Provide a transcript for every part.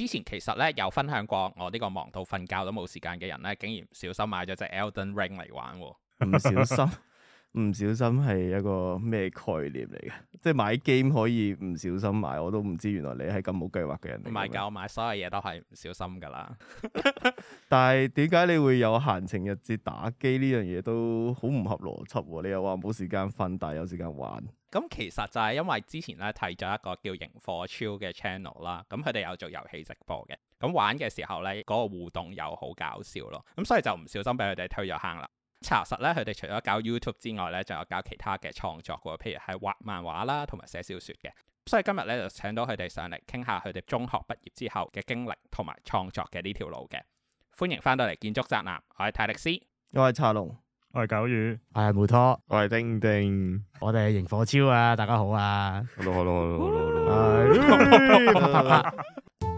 之前其實咧，有分享過，我呢個忙到瞓覺都冇時間嘅人咧，竟然唔小心買咗隻 Elden Ring 嚟玩喎。唔小心。 唔小心係一個咩概念嚟嘅？即係買 game 可以唔小心買，我都唔知原來你係咁冇計劃嘅人嚟。買狗買所有嘢都係唔小心噶啦。但係點解你會有閒情逸致打機呢樣嘢都好唔合邏輯、啊？你又話冇時間瞓，但係有時間玩。咁其實就係因為之前咧睇咗一個叫營火 Chill 嘅 channel 啦，咁佢哋有做遊戲直播嘅，咁玩嘅時候咧嗰個互動又好搞笑咯，咁所以就唔小心俾佢哋推咗坑啦。查實咧，佢哋除咗搞 YouTube 之外咧，仲有搞其他嘅創作嘅，譬如係畫漫畫啦，同埋寫小說嘅。所以今日咧就請到佢哋上嚟傾下佢哋中學畢業之後嘅經歷同埋創作嘅呢條路嘅。歡迎翻到嚟建築宅男，我係泰力斯，我係查龍，我係九宇，我係 MUTO，我係丁丁，我哋係營火 Chill 啊，大家好啊，好咯好咯好咯好咯。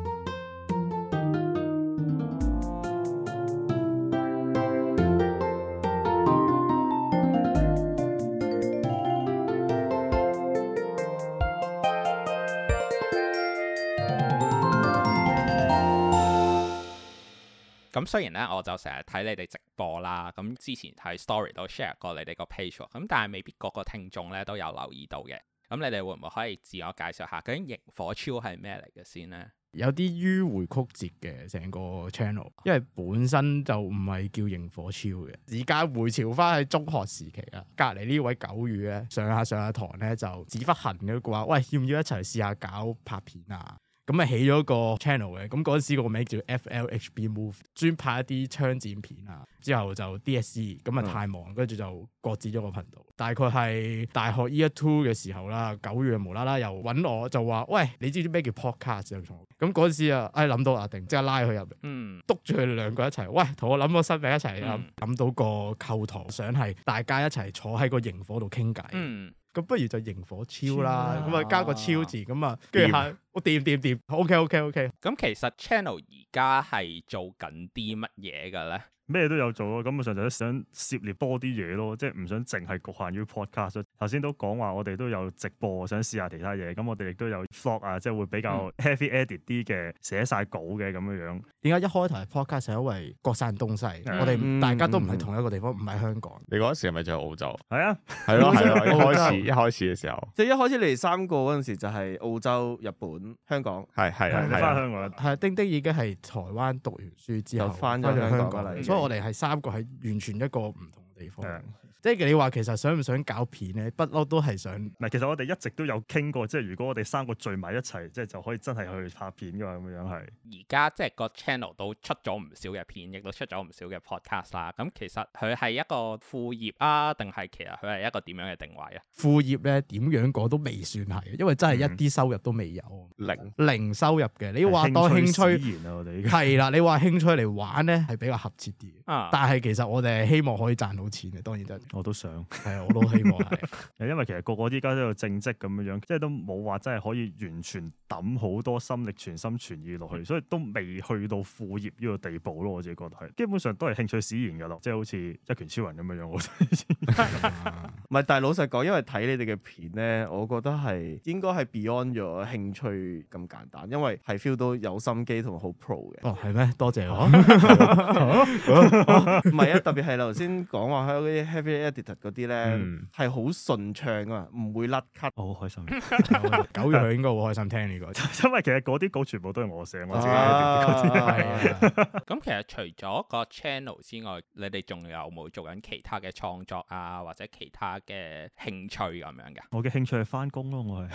咁雖然咧，我就成日睇你哋直播啦，咁之前喺 Story 都 share 過你哋個 page，咁但係未必個個聽眾咧都有留意到嘅。咁你哋會唔會可以自我介紹下究竟營火 Chill 係咩嚟嘅先咧？有啲迂迴曲折嘅，成個 channel，因為本身就唔係叫營火 Chill 嘅。而家回潮翻喺中學時期啦，隔離呢位狗語咧，上下上下堂咧就屎忽痕嘅話，喂，要唔要一齊試下搞拍片啊？咁啊起咗個 channel 嘅，咁嗰陣時個名叫 FLHB Move，專拍一啲槍戰片啊。之後就 DSE，咁啊太忙，跟住、嗯、就擱置咗個頻道。大概係大學 year two 嘅時候啦，九月無啦啦又揾我，就話：喂，你知唔知咩叫 podcast 啊？咁嗰陣時啊，哎諗到啊，定即刻拉佢入嚟，嗯，篤住佢兩個一齊，喂，同我諗個新名一齊諗、啊，諗、嗯、到個構圖，想係大家一齊坐喺個營火度傾偈，嗯。咁不如就營火 Chill 啦，咁啊加個 Chill 字，咁啊，跟住嚇我掂掂掂，OK OK OK。咁其實 channel 而家係做緊啲乜嘢嘅咧？咩都有做咯，咁啊，根本上就係想涉獵多啲嘢咯，即係唔想淨係局限於 podcast。頭先都講話我哋都有直播，想試下其他嘢。咁我哋亦都有 vlog 啊，即係會比較 heavy edit 啲嘅，寫晒稿嘅咁樣樣。點解一開頭係 podcast？係因為各散東西，我哋大家都唔喺同一個地方，唔喺香港。你嗰時係咪就喺澳洲？係啊，係咯，係咯，一開始一開始嘅時候。即係一開始你哋三個嗰陣時就係澳洲、日本、香港。係係係返香港啦。係啊，丁丁已經係台灣讀完書之後返咗香港嚟。所以我哋係三個係完全一個唔同嘅地方。即係你話其實想唔想搞片咧？不嬲都係想。嗱，其實我哋一直都有傾過，即係如果我哋三個聚埋一齊，即係就可以真係去拍片嘅咁樣去。而家、嗯、即係個 channel 都出咗唔少嘅片，亦都出咗唔少嘅 podcast 啦。咁其實佢係一個副業啊，定係其實佢係一個點樣嘅定位啊？副業咧點樣講都未算係，因為真係一啲收入都未有，零、嗯、零收入嘅。你話當興趣係啦、啊，你話興趣嚟玩咧係比較合切啲。嗯、但係其實我哋係希望可以賺到錢嘅，當然我都想，係啊，我都希望係。 因為其實個個依家都有正職咁樣樣，即係都冇話真係可以完全抌好多心力、全心全意落去，嗯、所以都未去到副業呢個地步咯。我自己覺得係，基本上都係興趣使然嘅咯，即係好似一拳超人咁樣樣。唔係，但係老實講，因為睇你哋嘅片咧，我覺得係 應該係 beyond 咗興趣咁簡單，因為係 feel 到有心機同埋好 pro 嘅。哦，係咩？多謝我。唔係啊，特別係頭先講話喺啲 happy。editor 嗰啲咧係好順暢啊，唔會甩咳，好開心，九月佢應該好開心聽呢個，因為其實嗰啲稿全部都係我寫我自己嘅。咁其實除咗個 channel 之外，你哋仲有冇做緊其他嘅創作啊，或者其他嘅興趣咁樣嘅？我嘅興趣係翻工咯，我係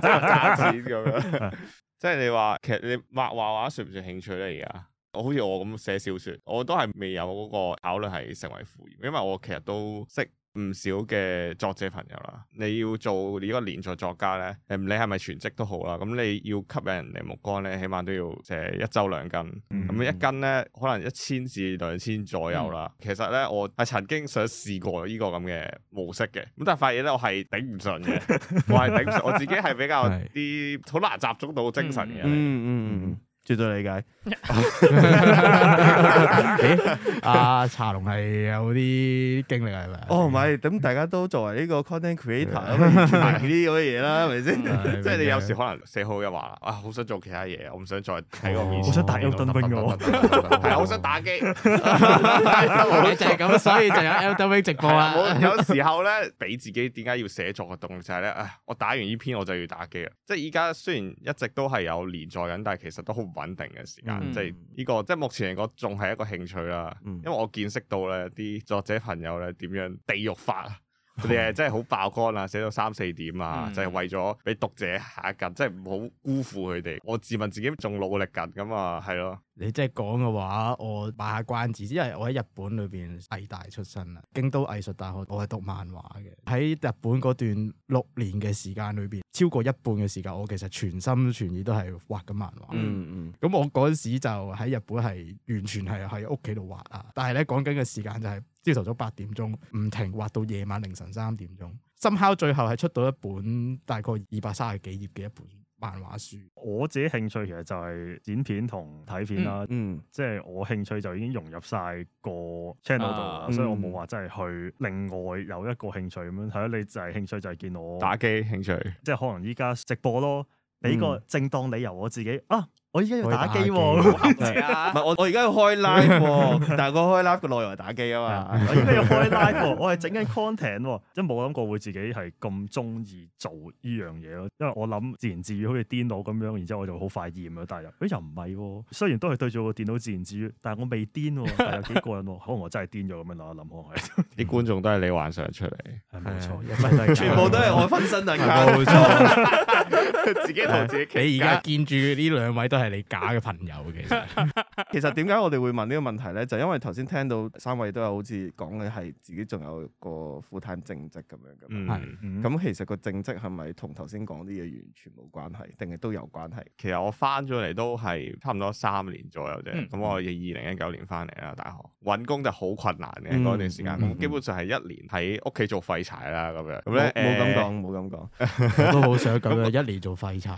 賺錢咁樣。即係你話，其實你畫畫畫算唔算興趣咧？而家？好，我好似我咁寫小說，我都係未有嗰個考慮係成為副業，因為我其實都識唔少嘅作者朋友啦。你要做呢個連載作家咧，誒，你係咪全職都好啦？咁你要吸引人哋目光咧，起碼都要即一周兩更。咁、嗯、一更咧可能一千至兩千左右啦。嗯、其實咧，我係曾經想試過呢個咁嘅模式嘅，咁但係發現咧， 我係頂唔順嘅，我係頂唔順，我自己係比較啲好難集中到精神嘅。嗯嗯嗯。嗯再理解，阿茶龍係有啲經歷啊，係咪？哦，唔係，咁大家都作為呢個 content creator 啊嘛，傳啲嗰啲嘢啦，係咪先？即係你有時可能寫好嘅話，啊，好想做其他嘢，我唔想再睇個片，好想打 Elden Ring，係啊，好想打機，就係咁，所以就有 Elden Ring 直播啦。有時候咧，俾自己點解要寫作嘅動力就係咧，啊，我打完呢篇我就要打機啦。即係依家雖然一直都係有連載緊，但係其實都好煩。穩定嘅時間，嗯、即係、這、呢個，即係目前嚟講仲係一個興趣啦。嗯、因為我見識到咧，啲作者朋友咧點樣地獄法，佢哋係真係好爆肝啊，寫到三四點啊，嗯、就係為咗俾讀者下一更，即係唔好辜負佢哋。我自問自己仲努力緊，咁啊係咯。你即係講嘅話，我賣下關子，因為我喺日本裏邊藝大出身啦，京都藝術大學，我係讀漫畫嘅。喺日本嗰段六年嘅時間裏邊，超過一半嘅時間，我其實全心全意都係畫緊漫畫。嗯嗯。咁我嗰陣時就喺日本係完全係喺屋企度畫啊，但係咧講緊嘅時間就係朝頭早八點鐘唔停畫到夜晚凌晨三點鐘，深烤最後係出到一本大概二百三十幾頁嘅一本漫畫書，我自己興趣其實就係剪片同睇片啦、啊，嗯嗯、即係我興趣就已經融入晒個 channel 度，啊嗯、所以我冇話真係去另外有一個興趣咁樣。係咯、啊，你就係興趣就係見我打機興趣，即係可能依家直播咯。俾個正當理由我自己、嗯、啊。我而家要打機喎，唔係、哦啊、 我我而家要開 live， 但係我開 live 個內容係打機啊嘛。 我而家要開 live，我係整緊 content，即係冇諗過會自己係咁中意做呢樣嘢咯。因為我諗自言自語好似癲佬咁樣，然之後我就好快厭咯。但係又，唔係喎。雖然都係對住個電腦自言自語，但係我未癲喎，但有幾過癮喎。 可能我真係癲咗咁樣，諗落去，啲 觀眾都係你幻想出嚟，係冇、嗯、錯，全部都係我分身嚟㗎， 自己同自己企。 你而家見住呢兩位都係。係你假嘅朋友，其實，其實點解我哋會問呢個問題咧？就因為頭先聽到三位都有好似講嘅係自己仲有個 full-time 正職咁樣噶係咁其實個正職係咪同頭先講啲嘢完全冇關係，定係都有關係？其實我翻咗嚟都係差唔多三年左右啫。咁我二零一九年翻嚟啦，大學搵工就好困難嘅嗰段時間。咁基本上係一年喺屋企做廢柴啦。咁樣，咁咧冇咁講，冇咁講，都好想咁我一年做廢柴。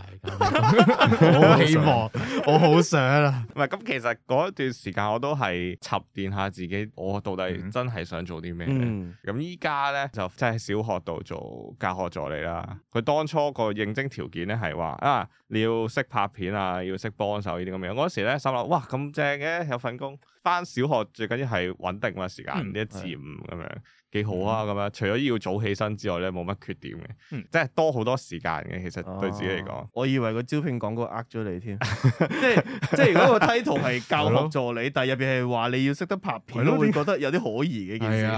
我希望。我好想啊，唔係咁，其實嗰一段時間我都係沉澱下自己，我到底真係想做啲咩？咁依家咧就真係喺小學度做教學助理啦。佢當初個應徵條件咧係話啊，你要識拍片啊，要識幫手呢啲咁樣。嗰時咧心諗哇，咁正嘅，有份工，返小學最緊要係穩定嘅時間呢、嗯、一至五咁樣。幾好啊咁樣，除咗要早起身之外咧，冇乜缺點嘅，即係多好多時間嘅。其實對自己嚟講，我以為個招聘廣告呃咗你添，即係即係如果個 title 係教學助理，但係入邊係話你要識得拍片，都會覺得有啲可疑嘅件事。係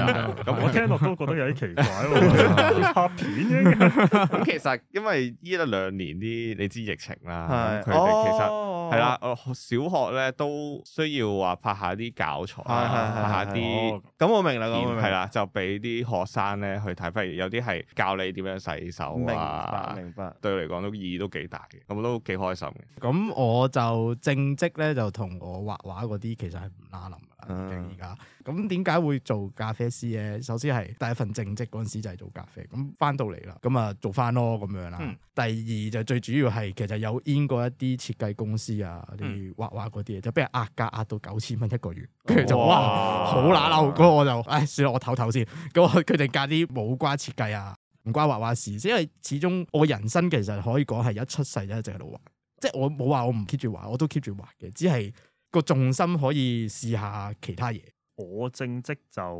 啊，咁我聽落都覺得有啲奇怪咯，拍片嘅咁，其實因為依一兩年啲你知疫情啦，其、哦，係啦，我小學咧都需要話拍下啲教材，拍下啲咁，我明啦，咁我明。啦，就俾啲學生咧去睇，反而有啲係教你點樣洗手啊。明白，明白。對我嚟講都意義都幾大嘅，咁都幾開心嘅。咁我就正職咧，就同我畫畫嗰啲其實係唔拉冧。而家咁點解會做咖啡師咧？首先係第一份正職嗰陣時就係做咖啡，咁翻到嚟啦，咁啊做翻咯咁樣啦。嗯、第二就最主要係其實有 in 過一啲設計公司啊，啲畫畫嗰啲嘢，就俾人壓價壓到九千蚊一個月，跟住就哇好乸嬲，咁我就唉算啦，我唞唞先。咁佢哋隔啲冇關設計啊，唔關畫畫事，因為始終我人生其實可以講係一出世一直喺度畫，即係我冇話我唔 keep 住畫，我都 keep 住畫嘅，只係。個重心可以試下其他嘢。我正職就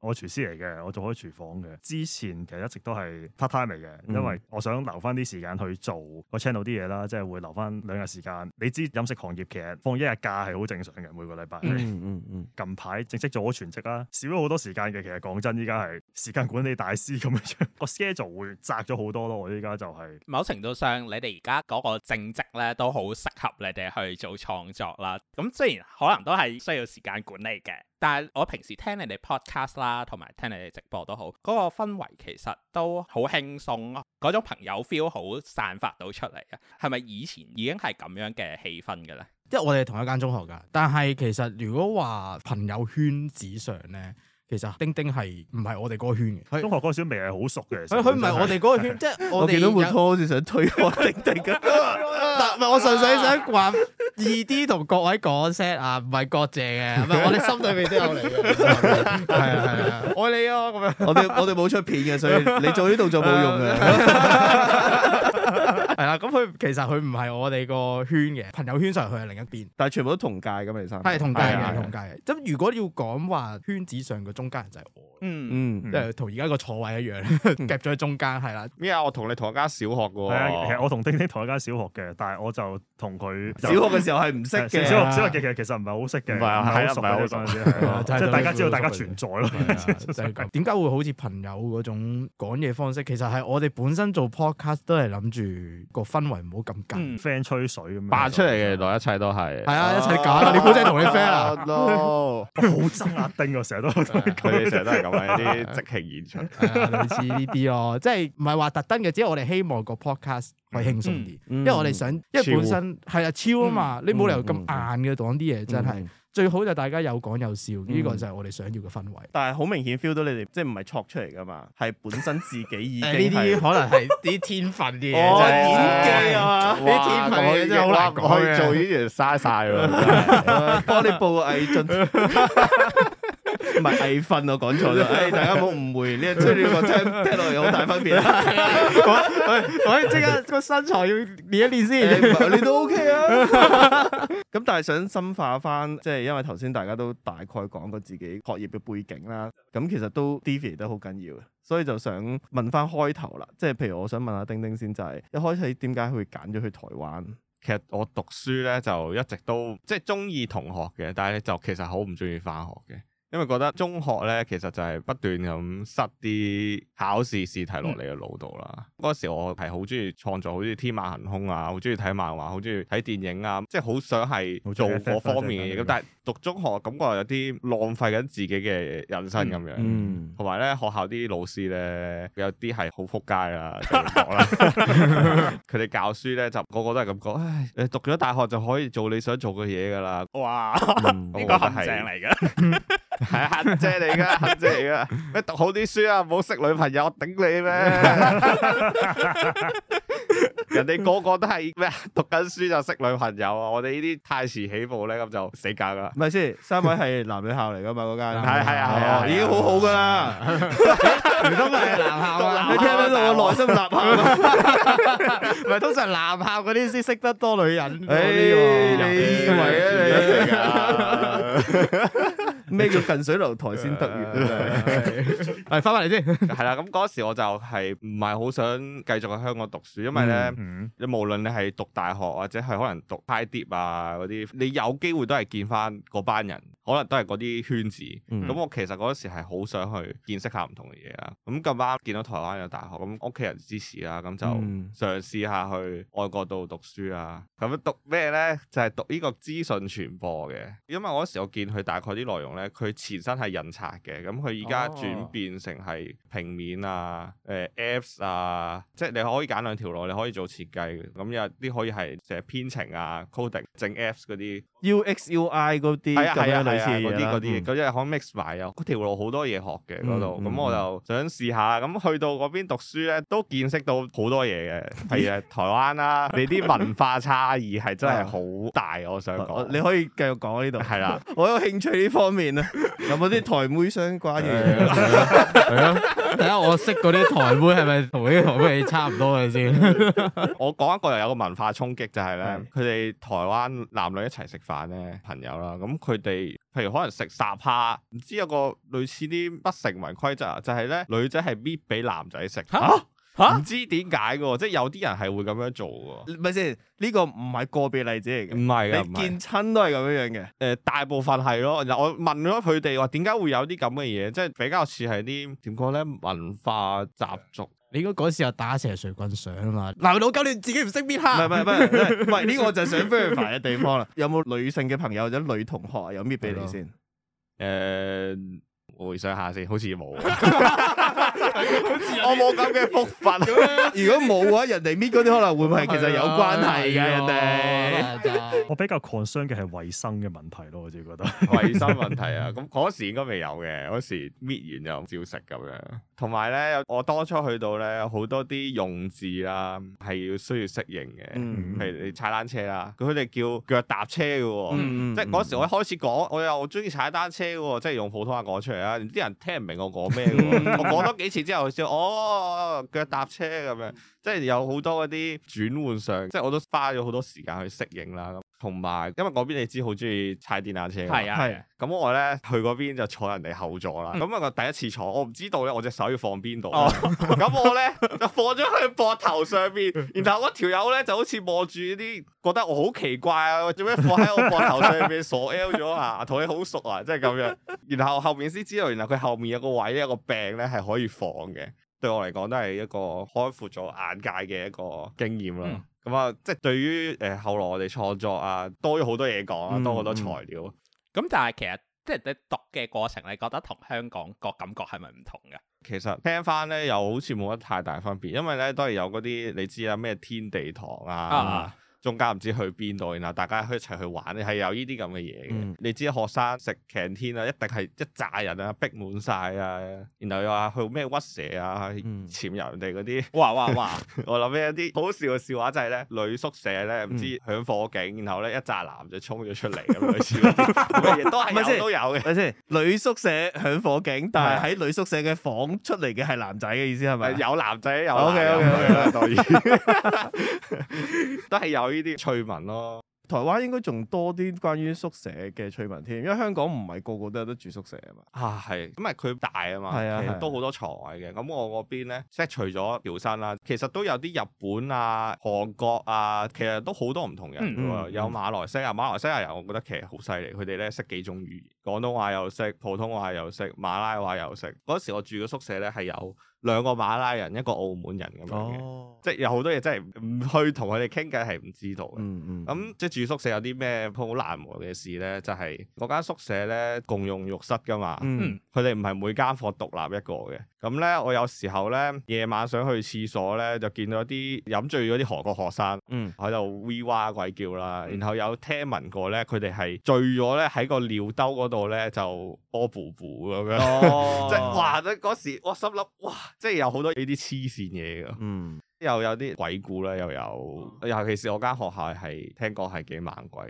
我廚師嚟嘅，我做開廚房嘅。之前其實一直都係 part time 嚟嘅，因為我想留翻啲時間去做個 channel 啲嘢啦，即係會留翻兩日時間。你知飲食行業其實放一日假係好正常嘅，每個禮拜。 近排正式做咗全職啦，少咗好多時間嘅。其實講真，依家係時間管理大師咁樣，個 schedule 會窄咗好多咯。我依家就係某程度上，你哋而家嗰個正職咧都好適合你哋去做創作啦。咁雖然可能都係需要時間管理嘅。但係我平時聽你哋 podcast 啦，同埋聽你哋直播都好，嗰個氛圍其實都好輕鬆咯，嗰種朋友 feel 好散發到出嚟嘅，係咪以前已經係咁樣嘅氣氛嘅咧？即係我哋同一間中學㗎，但係其實如果話朋友圈子上咧，其實丁丁係唔係我哋嗰個圈嘅？是中學嗰時未係好熟嘅。佢唔係我哋嗰個圈，即係是我見到 MUTO 好似想推我丁丁咁，但係我純粹想滾。二 D 同各位講聲啊，唔係國謝嘅，唔係我哋心裏面都有你嘅。係啊係啊，愛你啊咁樣。我哋我哋冇出片嘅，所以你做呢度就冇用嘅。 係啦，咁佢其實佢唔係我哋個圈嘅，朋友圈上佢係另一邊，但係全部都同屆嘅，咁其實係同屆嘅，同屆嘅。咁如果要講話圈子上嘅中間人就係我，嗯嗯，即係同而家個坐位一樣，夾咗喺中間係啦。咩啊？我同你同一間小學嘅，其實我同丁丁同一間小學嘅，但係我就同佢小學嘅時候係唔識嘅，小學小學嘅其實其實唔係好識嘅，係啊，唔係好熟，即係大家知道大家存在咯，就係咁。點解會好似朋友嗰種講嘢方式？其實係我哋本身做 podcast 都係諗住。個氛圍唔好咁緊 friend 吹水咁樣，扮出嚟嘅。原來一切都係，係、哦、啊，一切假啦，哦、你姑姐同你 friend 啊，好、no、 憎 啊，丁個成日都，佢哋成日都係咁啊，啲即興演出、 啊、類似呢啲咯，即係唔係話特登嘅，只係我哋希望個 podcast 可以輕鬆啲，嗯嗯、因為我哋想，嗯嗯、因為本身係啊超啊嘛，你冇理由咁硬嘅講啲嘢，真係。真最好就大家有講有笑，呢、嗯、個就係我哋想要嘅氛圍。但係好明顯 feel 到你哋即係唔係戳出嚟噶嘛，係本身自己已經。呢啲、呃、可能係啲天分嘅嘢。我、 哦、演技啊嘛，啲哇哇天分嘅哇真係好難講。我去做呢啲嘥曬咯，幫你報個藝進。 唔係藝訓我講錯咗，誒、哎、大家唔好誤會，呢出呢個聽聽落嚟好大分別。可可以即刻個身材要練一練先、哎，你都 OK 啊。咁 但係想深化翻，即係因為頭先大家都大概講過自己學業嘅背景啦，咁其實都 degree 都好緊要，所以就想問翻開頭啦，即係譬如我想問下丁丁先，就係、是、一開始點解會揀咗去台灣？其實我讀書咧就一直都即係中意同學嘅，但係就其實好唔中意返學嘅。因為覺得中學咧，其實就係不斷咁塞啲考試試題落你嘅腦度啦。嗰、嗯、時我係好中意創作，好似天馬行空啊，好中意睇漫畫，好中意睇電影啊，即係好想係做嗰方面嘅嘢。咁但係讀中學感覺有啲浪費緊自己嘅人生咁樣嗯。嗯，同埋咧學校啲老師咧，有啲係好扑街啦，咁講啦，佢哋 教書咧就個個都係咁講，唉，讀咗大學就可以做你想做嘅嘢噶啦。哇，應該係正嚟㗎。 係啊，黑仔嚟噶，黑仔嚟噶。咩讀好啲書啊，唔好識女朋友，我頂你咩？人哋個個都係咩啊？讀緊書就識女朋友啊！我哋呢啲太遲起步咧，咁就死架噶啦。唔係先，三位係男女校嚟噶嘛？嗰間係係啊，已經好好噶啦。唔通係男校啊？你聽唔聽到我內心吶喊啊？唔係通常男校嗰啲先識得多女人。誒，你以為啊？咩叫近水樓台先得月啊？嚟翻翻嚟先，係啦。咁嗰時我就係唔係好想繼續喺香港讀書，因為咧，你、嗯嗯、無論你係讀大學或者係可能讀 high dip 啊嗰啲，你有機會都係見翻嗰班人，可能都係嗰啲圈子。咁、嗯、我其實嗰時係好想去見識下唔同嘅嘢啊。咁咁啱見到台灣有大學，咁屋企人支持啦、啊，咁就嘗試下去外國度讀書啊。咁讀咩咧？就係、是、讀呢個資訊傳播嘅，因為我嗰時我見佢大概啲內容佢前身係印刷嘅，咁佢而家轉變成係平面啊，誒、呃、apps 啊，即係你可以揀兩條路，你可以做設計，咁有啲可以係寫編程啊、coding 整 apps 嗰啲、U X U I 嗰啲係啊，類似嗰啲嗰啲嘢，咁又可 mix 埋啊，條、啊啊嗯、路好多嘢學嘅度，咁、嗯嗯、我就想試下，咁去到邊讀書咧，都見識到好多嘢嘅，係啊，台灣啦，你啲文化差異係真係好大，我想講，你可以繼續講呢度，係啦，我有興趣呢方面。 有冇啲台妹相關嘅嘢係啊，睇下我識嗰啲台妹係咪同呢啲台妹嘢差唔多嘅先。 我講一個又有一個文化衝擊，就是，就係咧，佢哋台灣男女一齊食飯咧，朋友啦，咁佢哋譬如可能食沙蝦，唔知有個類似啲不成文規則啊，就係、是、咧女仔係搣俾男仔食。哈 唔蛤知點解嘅，即、就、係、是、有啲人係會咁樣做嘅，唔係先？呢、這個唔係個別例子嚟嘅，唔係嘅，你見親都係咁樣樣嘅。誒、呃，大部分係咯。我問咗佢哋話點解會有啲咁嘅嘢，即、就、係、是、比較似係啲點講咧文化習俗。你應該嗰時候有打蛇隨棍上啊嘛？嗱，老九，你自己唔識搣下？唔係唔係唔係，唔係呢個就係想 verify 嘅地方啦。 有冇女性嘅朋友或者女同學有搣俾你先？誒的，呃、我回想下先，好似冇。 好似我冇咁嘅福分。如果冇嘅話， 人哋搣嗰啲可能會唔會係，其實有關係嘅。人哋。我比較 concern 嘅係衛生嘅問題咯，我自己覺得衛 生問題啊。咁嗰時應該未有嘅，嗰時搣完就照食咁樣。同埋咧，我當初去到咧，好多啲用字啦，係要需要適應嘅，譬、嗯、如你踩單車啦。佢哋叫腳踏車嘅，嗯嗯嗯嗯，即係嗰時我一開始講，我又中意踩單車嘅，即係用普通話講出嚟啊，啲人聽唔明我講咩， 我講多幾。一次之後就笑，哦，腳踏車咁樣，即係有好多啲轉換上，即係我都花咗好多時間去適應啦咁。同埋，因為嗰邊你知好中意踩電單車嘅，係啊，咁的我咧去嗰邊就坐人哋後座啦。咁啊、嗯，我第一次坐，我唔知道咧，我隻手要放邊度。咁、哦、 我咧就放咗去膊頭上邊，然後嗰條友咧就好似望住啲覺得我好奇怪啊，做咩放喺我膊頭上邊傻 L 咗啊？同你好熟啊，即係咁樣。然後後面先知道，原來佢後面有個位，有個柄咧係可以放嘅。對我嚟講都係一個開闊咗眼界嘅一個經驗啦。嗯咁啊，即係對於誒、呃、後來我哋創作啊，多咗好多嘢講啊，嗯、多好多材料。咁、嗯嗯、 但係其實即係你讀嘅過程，你覺得同香港個感覺係咪唔同嘅？其實聽翻咧，又好似冇乜太大分別，因為咧當然有嗰啲你知啊咩天地堂啊。啊啊中間唔知去邊度，然後大家一齊去玩咧，係有呢啲咁嘅嘢嘅。你知學生食 canteen 啊，一定係一紮人啊，逼滿晒啊。然後又話去咩屈蛇啊，潛入人哋嗰啲哇哇哇！我諗起一啲好笑嘅笑話就係咧，女宿舍咧唔知響火警，然後咧一紮男就衝咗出嚟咁樣笑。都係咪先都有嘅？咪先女宿舍響火警，但係喺女宿舍嘅房出嚟嘅係男仔嘅意思係咪？有男仔有。OK OK，當然。都係有。呢啲趣聞咯，台灣應該仲多啲關於宿舍嘅趣聞添，因為香港唔係個個都有得住宿舍啊嘛。啊，係，咁咪佢大啊嘛，都好的多牀嘅。咁的我嗰邊咧，即係除咗僑生啦、啊，其實都有啲日本啊、韓國啊，其實都好多唔同人喎、啊。嗯嗯，有馬來西亞，馬來西亞人我覺得其實好犀利，佢哋咧識幾種語言，廣東話又識，普通話又識，馬拉話又識。嗰時我住嘅宿舍咧係有，兩個馬拉人，一個澳門人咁樣嘅，即係有好多嘢，真係唔去同佢哋傾偈係唔知道嘅。咁即係住宿舍有啲咩好難忘嘅事呢？就係嗰間宿舍呢，共用浴室噶嘛，佢哋唔係每間房獨立一個嘅。咁呢，我有時候呢，夜晚想去廁所呢，就見到啲飲醉咗啲韓國學生，喺度 we 哇鬼叫啦。然後有聽聞過呢，佢哋係醉咗呢，喺個尿兜嗰度呢，就屙噗噗咁樣，即係哇！嗰時我心諗哇～即係有好多、嗯、有呢啲黐線嘢噶，又有啲鬼故啦，又有尤其是我間學校係聽講係幾猛鬼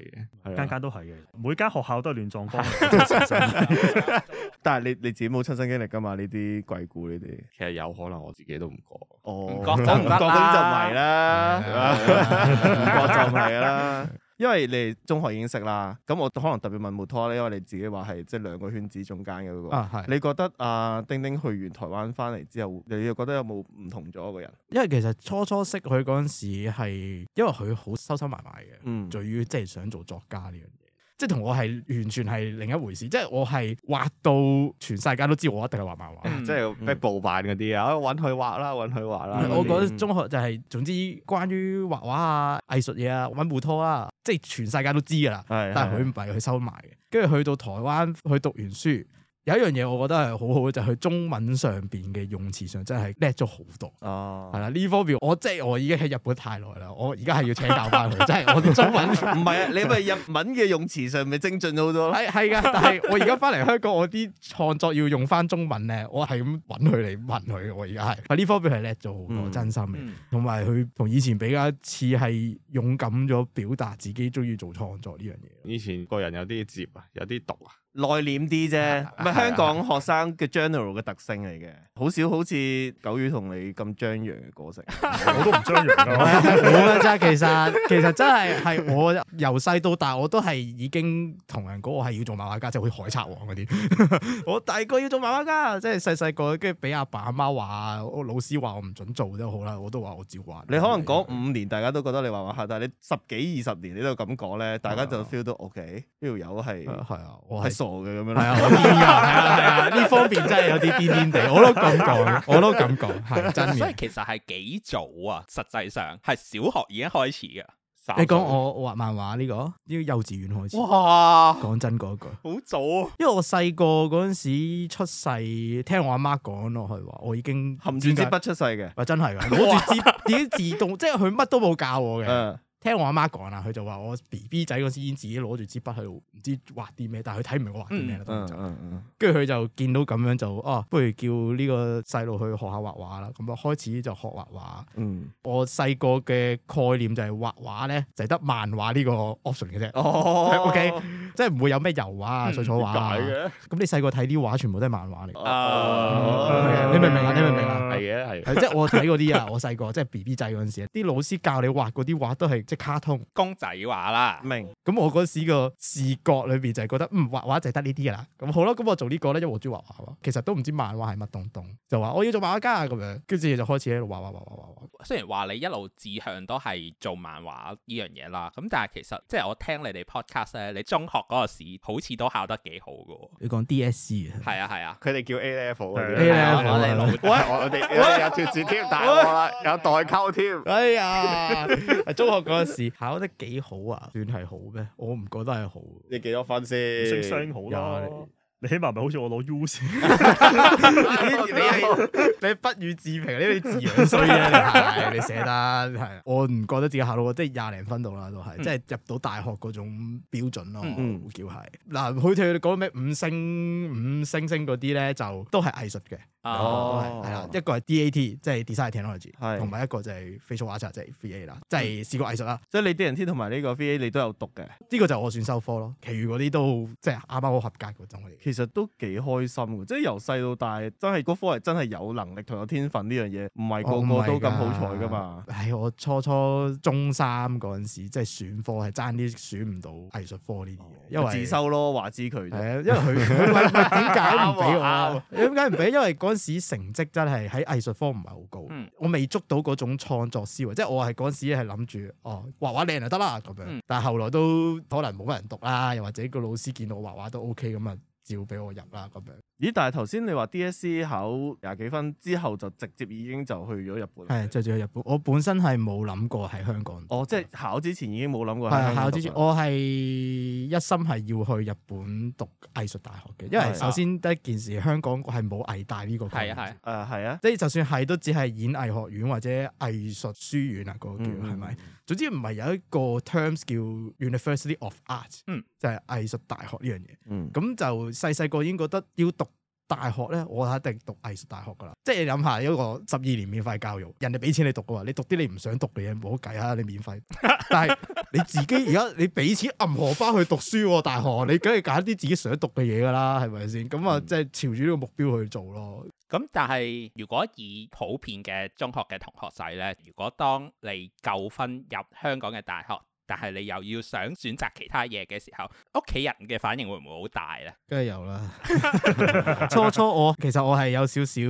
嘅，間間都係嘅，每間學校都係亂葬崗。 但係你你自己冇親身經歷噶嘛？呢啲鬼故呢啲，其實有可能我自己都唔覺，覺都唔覺咁就咪係啦，唔覺就咪係啦。 因為你中學已經識啦，咁我可能特別問 MUTO 咧，因為你自己話係即係兩個圈子中間嘅嗰、嗰個。啊、係、你覺得阿、呃、丁丁去完台灣翻嚟之後，你又覺得有冇唔同咗個人？因為其實初初識佢嗰陣時係，因為佢好收收埋埋嘅，至、嗯、於即係想做作家呢樣嘢。即係同我係完全係另一回事，即係我係畫到全世界都知我一定係畫漫畫，嗯嗯、即係咩布板嗰啲啊，揾佢、嗯、畫啦，揾佢畫啦。嗯、我覺得中學就係、是嗯、總之關於畫畫啊、藝術嘢啊、揾布拖啊，即係全世界都知㗎啦。嗯、但係佢唔係佢收埋嘅，跟住的去到台灣去讀完書。有一樣嘢，我覺得係好好嘅，就係佢中文上邊嘅用詞上真係叻咗好多。哦，係啦，呢方面我即係我已經喺日本太耐啦，我而家係要請教翻佢，即係 我中文。唔係啊，你咪日文嘅用詞上咪精進咗好多。係係㗎，但係我而家翻嚟香港，我啲創作要用翻中文咧，我係咁揾佢嚟問佢，我而家係。係呢 方面係叻咗好多，嗯、真心嘅。同埋佢同以前比較似係勇敢咗，表達自己中意做創作呢樣嘢。以前個人有啲接有啊，有啲讀啊。內斂啲啫，唔係香港學生嘅 general 嘅特性嚟嘅，好少好似九宇同你咁張揚嘅個性。我都唔張揚嘅，冇噶咋。其實其實真係係我由細到大，我都係已經同人講我係要做漫畫家，即係好似海賊王嗰啲。我大個要做漫畫家，即係細細個跟住俾阿爸阿媽話，我老師話我唔准做，都好啦。我都話我照玩。你可能講五年，大家都覺得你畫畫吓，但係你十幾二十年你都咁講咧，大家就 feel 到 OK。呢條友係係啊，我係。傻嘅咁樣啦，啊！係啊係啊，呢方面真係有啲癲癲地，我都咁講，我都咁講，係真嘅。所以其實係幾早啊，實際上係小學已經開始嘅。你講我畫漫畫呢個，要幼稚園開始。哇！講真嗰句，好早，啊！因為我細個嗰陣時出世，聽我阿媽講落去話，我已經揞住支筆出世嘅。哇！真係㗎，攞住支筆已經自動，即係佢乜都冇教我嘅。聽我阿媽講啦，佢就話我 B B 仔嗰時已經自己攞住支筆喺度，唔知畫啲咩，但係佢睇唔明我畫啲咩啦。跟住佢就見到咁樣就，哦，不如叫呢個細路去學下畫畫啦。咁啊，開始就學畫畫。我細個嘅概念就係畫畫咧，就係得漫畫呢個 option 嘅啫。O K，即係唔會有咩油畫啊、水彩畫啊。咁你細個睇啲畫，全部都係漫畫嚟。你明唔明啊？你明唔明啊？係嘅，係。即係我睇嗰啲啊，我細個即係 B B 仔嗰陣時，啲老師教你畫嗰啲畫都係。即卡通公仔畫啦，明？咁我嗰時個視覺裏邊就係覺得，嗯，畫畫就係得呢啲噶啦。咁好啦，咁我做呢個咧，因為我中意畫畫喎，其實都唔知漫畫係乜東東，就話我要做漫畫家咁樣，跟住就開始喺度畫畫畫畫畫畫。雖然話你一路志向都係做漫畫呢樣嘢啦，咁但係其實即係我聽你哋 Podcast 咧，你中學嗰個時好似都考得幾好噶喎。你講 DSE 啊？係啊係啊，佢哋叫 A level 我哋我哋有條子添，但係有代溝添。哎呀，中學嗰 時考得幾好啊？算係好咩？我唔覺得係好。你幾多分先？你起碼咪好似我攞 U 先， 你不語自評，你啲字樣衰啊！你寫得係，我唔覺得自己考到，即係廿零分到啦，都係，嗯、即係入到大學嗰種標準咯，叫係、嗯嗯。嗱，好似你講咩五星五星星嗰啲咧，就都係藝術嘅，係啦、哦哦哦，一個係 D A T，即係 Design Technology，同埋是一個就係 Visual Arts,、嗯、 即係 V A 啦，即係視覺藝術啦。所以你 D A T 同埋呢個 V A 你都有讀嘅，呢個就我選修科咯，其餘嗰啲都即係啱啱好合格嗰種嚟。其實都幾開心嘅，即係由細到大，真係嗰科係真係有能力同有天分呢樣嘢，唔係個個都咁好彩噶嘛。唉、哦哎，我初初中三嗰陣時，即係選科係爭啲選唔到藝術科呢啲嘢，因為哦、自修咯，話知佢。啫、哎。因為佢點解唔俾我？點解唔俾？因為嗰陣時成績真係喺藝術科唔係好高，嗯、我未捉到嗰種創作思維，即係我係嗰陣時係諗住哦畫畫靚就得啦咁樣，嗯、但係後來都可能冇乜人讀啦，又或者個老師見到我畫畫都 OK 咁啊。照俾我入啦咁樣。咦？但係頭先你話 DSE 考廿幾分之後就直接已經就去咗日本。係，就去咗日本。我本身係冇諗過喺香港。哦，即係考之前已經冇諗過喺係，考之前我係一心係要去日本讀藝術大學嘅。因為首先第、啊、一件事，香港係冇藝大呢個。係啊，係啊，即、啊、係、啊、就算係都只係演藝學院或者藝術書院啊，嗰、那個叫係咪、嗯？總之唔係有一個 terms 叫 University of Arts，嗯，就係藝術大學呢樣嘢。嗯，咁就。細細個已經覺得要讀大學咧，我就一定讀藝術大學噶啦。即係你諗下，一個十二年免費教育，人哋俾錢你讀噶喎，你讀啲你唔想讀嘅嘢冇計啊！你免費， 但係你自己而家你俾錢暗荷包去讀書、啊、大學，你梗係揀啲自己想讀嘅嘢噶啦，係咪先？咁啊，即係朝住呢個目標去做咯。咁、嗯、但係如果以普遍嘅中學嘅同學仔咧，如果當你夠分入香港嘅大學？但係你又要想選擇其他嘢嘅時候，屋企人嘅反應會唔會好大咧？梗係有啦。 初初我其實我係有少少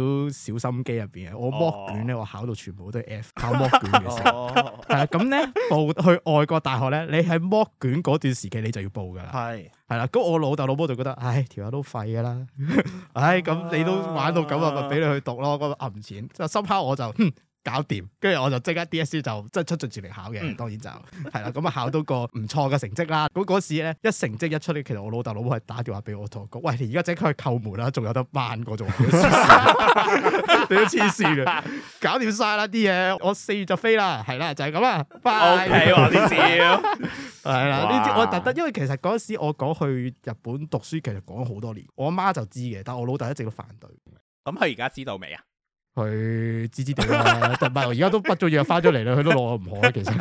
小心機入邊嘅，我摸卷咧，我考到全部都係 F。考摸卷嘅時候，係啊咁咧報去外國大學咧，你喺摸卷嗰段時期你就要報㗎啦。係係啦，咁我老豆老母就覺得，唉條友、這個、都廢㗎啦，唉咁你都玩到咁啊，咪俾你去讀咯。嗰個銀錢，就深刻我就。哼搞掂，跟住我就即刻 DSE 就即係出盡全力考嘅，嗯、當然就係啦。咁啊考到個唔錯嘅成績啦。咁嗰時咧一成績一出咧，其實我老豆老母係打電話俾我同我講：喂，你而家即刻去叩門啦，仲有得萬個你都黐線嘅，搞掂晒啦啲嘢，我四月就飛啦，係啦就係咁啦。O K，我啲笑係啦，呢次我特登，因為其實嗰時我講去日本讀書，其實講咗好多年，我媽就知嘅，但係我老豆一直都反對。咁佢而家知道未啊？佢知知哋就唔係，而家都畢咗業翻咗嚟啦，佢都我唔耐啊？其實，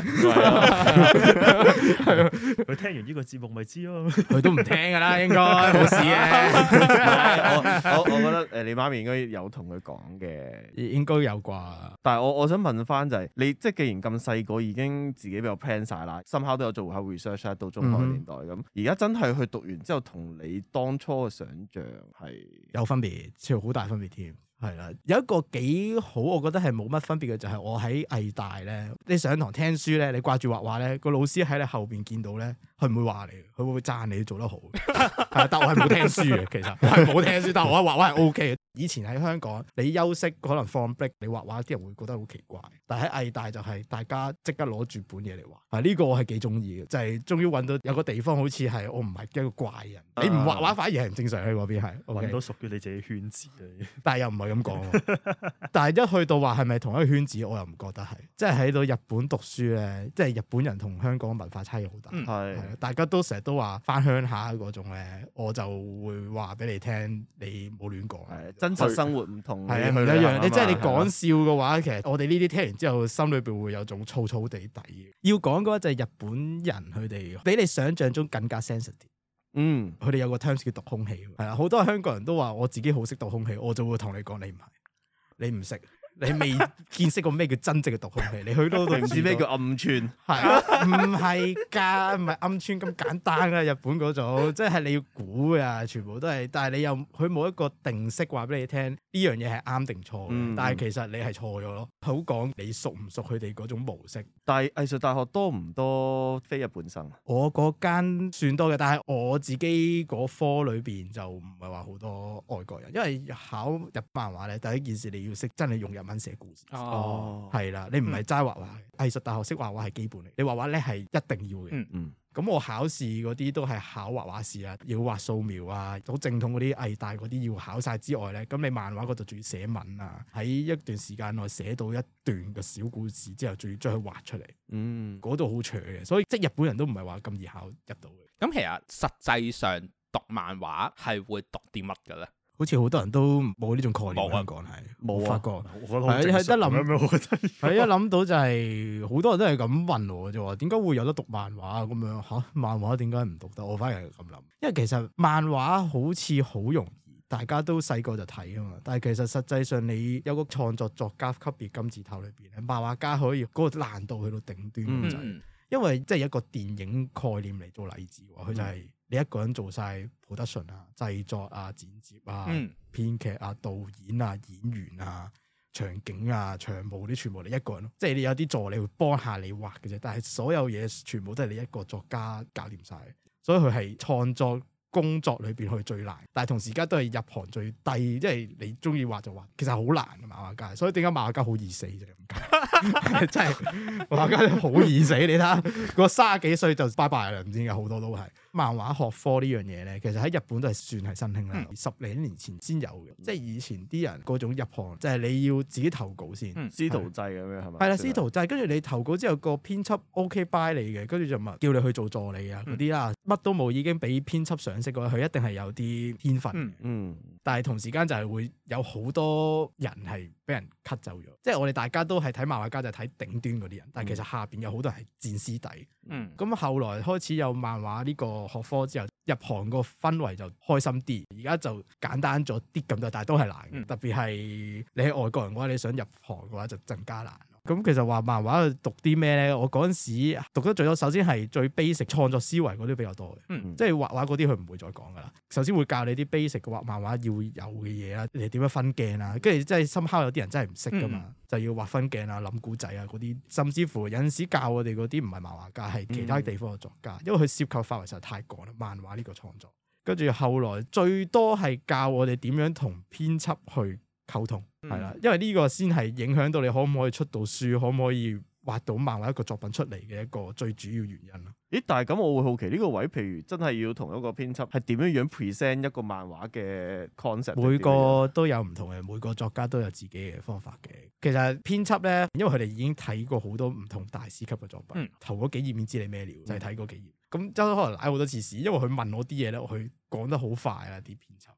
佢 聽完呢個節目咪知咯。佢 都唔聽噶啦，應該冇事嘅。 我我覺得誒，你媽咪應該有同佢講嘅，應該有啩。但係我我想問翻就係、是，你即係既然咁細個已經自己比較 plan 晒啦，甚巧都有做戶口 research，到中學年代咁，而家、嗯、真係去讀完之後，同你當初嘅想象係有分別，超好大分別添。係啦，有一個幾好，我覺得係冇乜分別嘅，就係、是、我喺藝大咧，你上堂聽書咧，你掛住畫畫咧，個老師喺你後邊見到咧。佢唔會話你，佢會唔會讚你做得好。 但我係冇聽書嘅，其實係冇聽書。但我畫畫係 O K 嘅。 以前喺香港，你休息可能放 break，你畫畫，啲人會覺得好奇怪。但係喺藝大就係大家即刻攞住本嘢嚟畫。呢、啊，這個我係幾中意嘅，就係終於揾到有個地方好似係我唔係一個怪人。啊、你唔畫畫反而係唔正常喺嗰邊，係揾、okay, 到屬於你自己圈子，但係又唔係咁講。 但係一去到話係咪同一個圈子，我又唔覺得係。即係喺到日本讀書咧，即係日本人同香港文化差異好大。係、嗯。大家都成日都話返鄉下嗰種咧，我就會話俾你聽，你冇亂講。真實生活唔同，係啊，唔一樣。你真係你講笑嘅話，其實我哋呢啲聽完之後，心裏邊會有種燥燥地底。要講嘅話就係日本人佢哋，比你想像中更加 sensitive。嗯，佢哋有個 terms 叫讀空氣，係啦，好多香港人都話我自己好識讀空氣，我就會同你講你唔係，你唔識。 你未見識過咩叫真正嘅讀空氣？ 你去到都唔知咩叫暗串，係唔係㗎？唔係暗串咁簡單㗎、啊，日本嗰種即係、就是、你要估啊，全部都係，但係你又佢冇一個定式話俾你聽，呢樣嘢係啱定錯，嗯嗯，但係其實你係錯咗咯。好講你熟唔熟佢哋嗰種模式，但係藝術大學多唔多非日本生？我嗰間算多嘅，但係我自己嗰科裏邊就唔係話好多外國人，因為考日漫畫咧，第一件事你要識真係用日。文寫故事哦，係啦，你唔係齋畫畫嘅，藝術大學識畫畫係基本嚟，你畫畫咧係一定要嘅，嗯。嗯嗯，咁我考試嗰啲都係考畫畫試啊，要畫素描啊，好正統嗰啲藝大嗰啲要考晒之外咧，咁你漫畫嗰度仲要寫文啊，喺一段時間內寫到一段嘅小故事之後，仲要將佢畫出嚟。嗯，嗰度好長嘅，所以即係日本人都唔係話咁易考入到嘅。咁、嗯、其實實際上讀漫畫係會讀啲乜嘅咧？好似好多人都冇呢種概念，冇對啊，講係冇啊，發覺係得諗，係一諗 到就係、是、好多人都係咁問我，就話點解會有得讀漫畫咁樣吓？漫畫點解唔讀得？我反而係咁諗，因為其實漫畫好似好容易，大家都細個就睇啊嘛。但係其實實際上你有個創作作家級別金字塔裏邊，漫畫家可以嗰、那個難度去到頂端、就是，嗯、因為即係一個電影概念嚟做例子，佢就係、是。嗯你一個人做晒 production 啊、製作啊、剪接啊、編劇啊、導演啊、演員啊、場景啊、場務、啲全部你一個人，即係你有啲助理會幫下你畫嘅啫。但係所有嘢全部都係你一個作家搞掂晒，所以佢係創作工作裏邊去最難。但係同時間都係入行最低，即係你中意畫就畫，其實好難嘅漫畫家。所以點解漫畫家好易死就咁解？ 真係漫畫家好易死，你睇下個卅幾歲就拜拜啦，唔知點解好多都係。漫畫學科呢樣嘢咧，其實喺日本都係算係新興啦，十零年前先有嘅。即係以前啲人嗰種入行，就係你要自己投稿先，師徒制咁樣係咪？係啦，師徒制，跟住你投稿之後，個編輯 OK by 你嘅，跟住就問叫你去做助理啊嗰啲啦，乜都冇已經俾編輯賞識嘅話，佢一定係有啲天分。嗯，但係同時間就係會有好多人係俾人 cut 走咗。即係我哋大家都係睇漫畫家就睇頂端嗰啲人，但係其實下邊有好多係戰師弟。嗯，咁後來開始有漫畫呢個學科之後入行個氛圍就開心啲，而家就簡單咗啲咁多，但係都係難，嗯、特別係你喺外國人嘅話，你想入行嘅話就更加難。咁其實畫漫畫去讀啲咩咧？我嗰陣時讀得最多，首先係最 basic 創作思維嗰啲比較多嘅，嗯、即係畫畫嗰啲佢唔會再講噶啦。首先會教你啲 basic 嘅畫漫畫要有嘅嘢啊，你點樣分鏡啊，跟住即係深刻有啲人真係唔識噶嘛，嗯、就要畫分鏡啊、諗故仔啊嗰啲。甚至乎有陣時教我哋嗰啲唔係漫畫家，係其他地方嘅作家，嗯、因為佢涉及範圍實在太廣啦。漫畫呢個創作，跟住後來最多係教我哋點樣同編輯去溝通係啦，嗯、因為呢個先係影響到你可唔可以出到書，嗯、可唔可以畫到漫畫一個作品出嚟嘅一個最主要原因啦。咦？但係咁，我會好奇呢、呢個位，譬如真係要同一個編輯，係點樣樣 present 一個漫畫嘅 concept？每個都有唔同嘅，每個作家都有自己嘅方法嘅。其實編輯呢，因為佢哋已經睇過好多唔同大師級嘅作品，嗯、頭嗰幾頁面知你咩料，嗯、就係睇嗰幾頁。咁之後可能挨好多次試，因為佢問我啲嘢呢，佢講得好快啊啲編輯。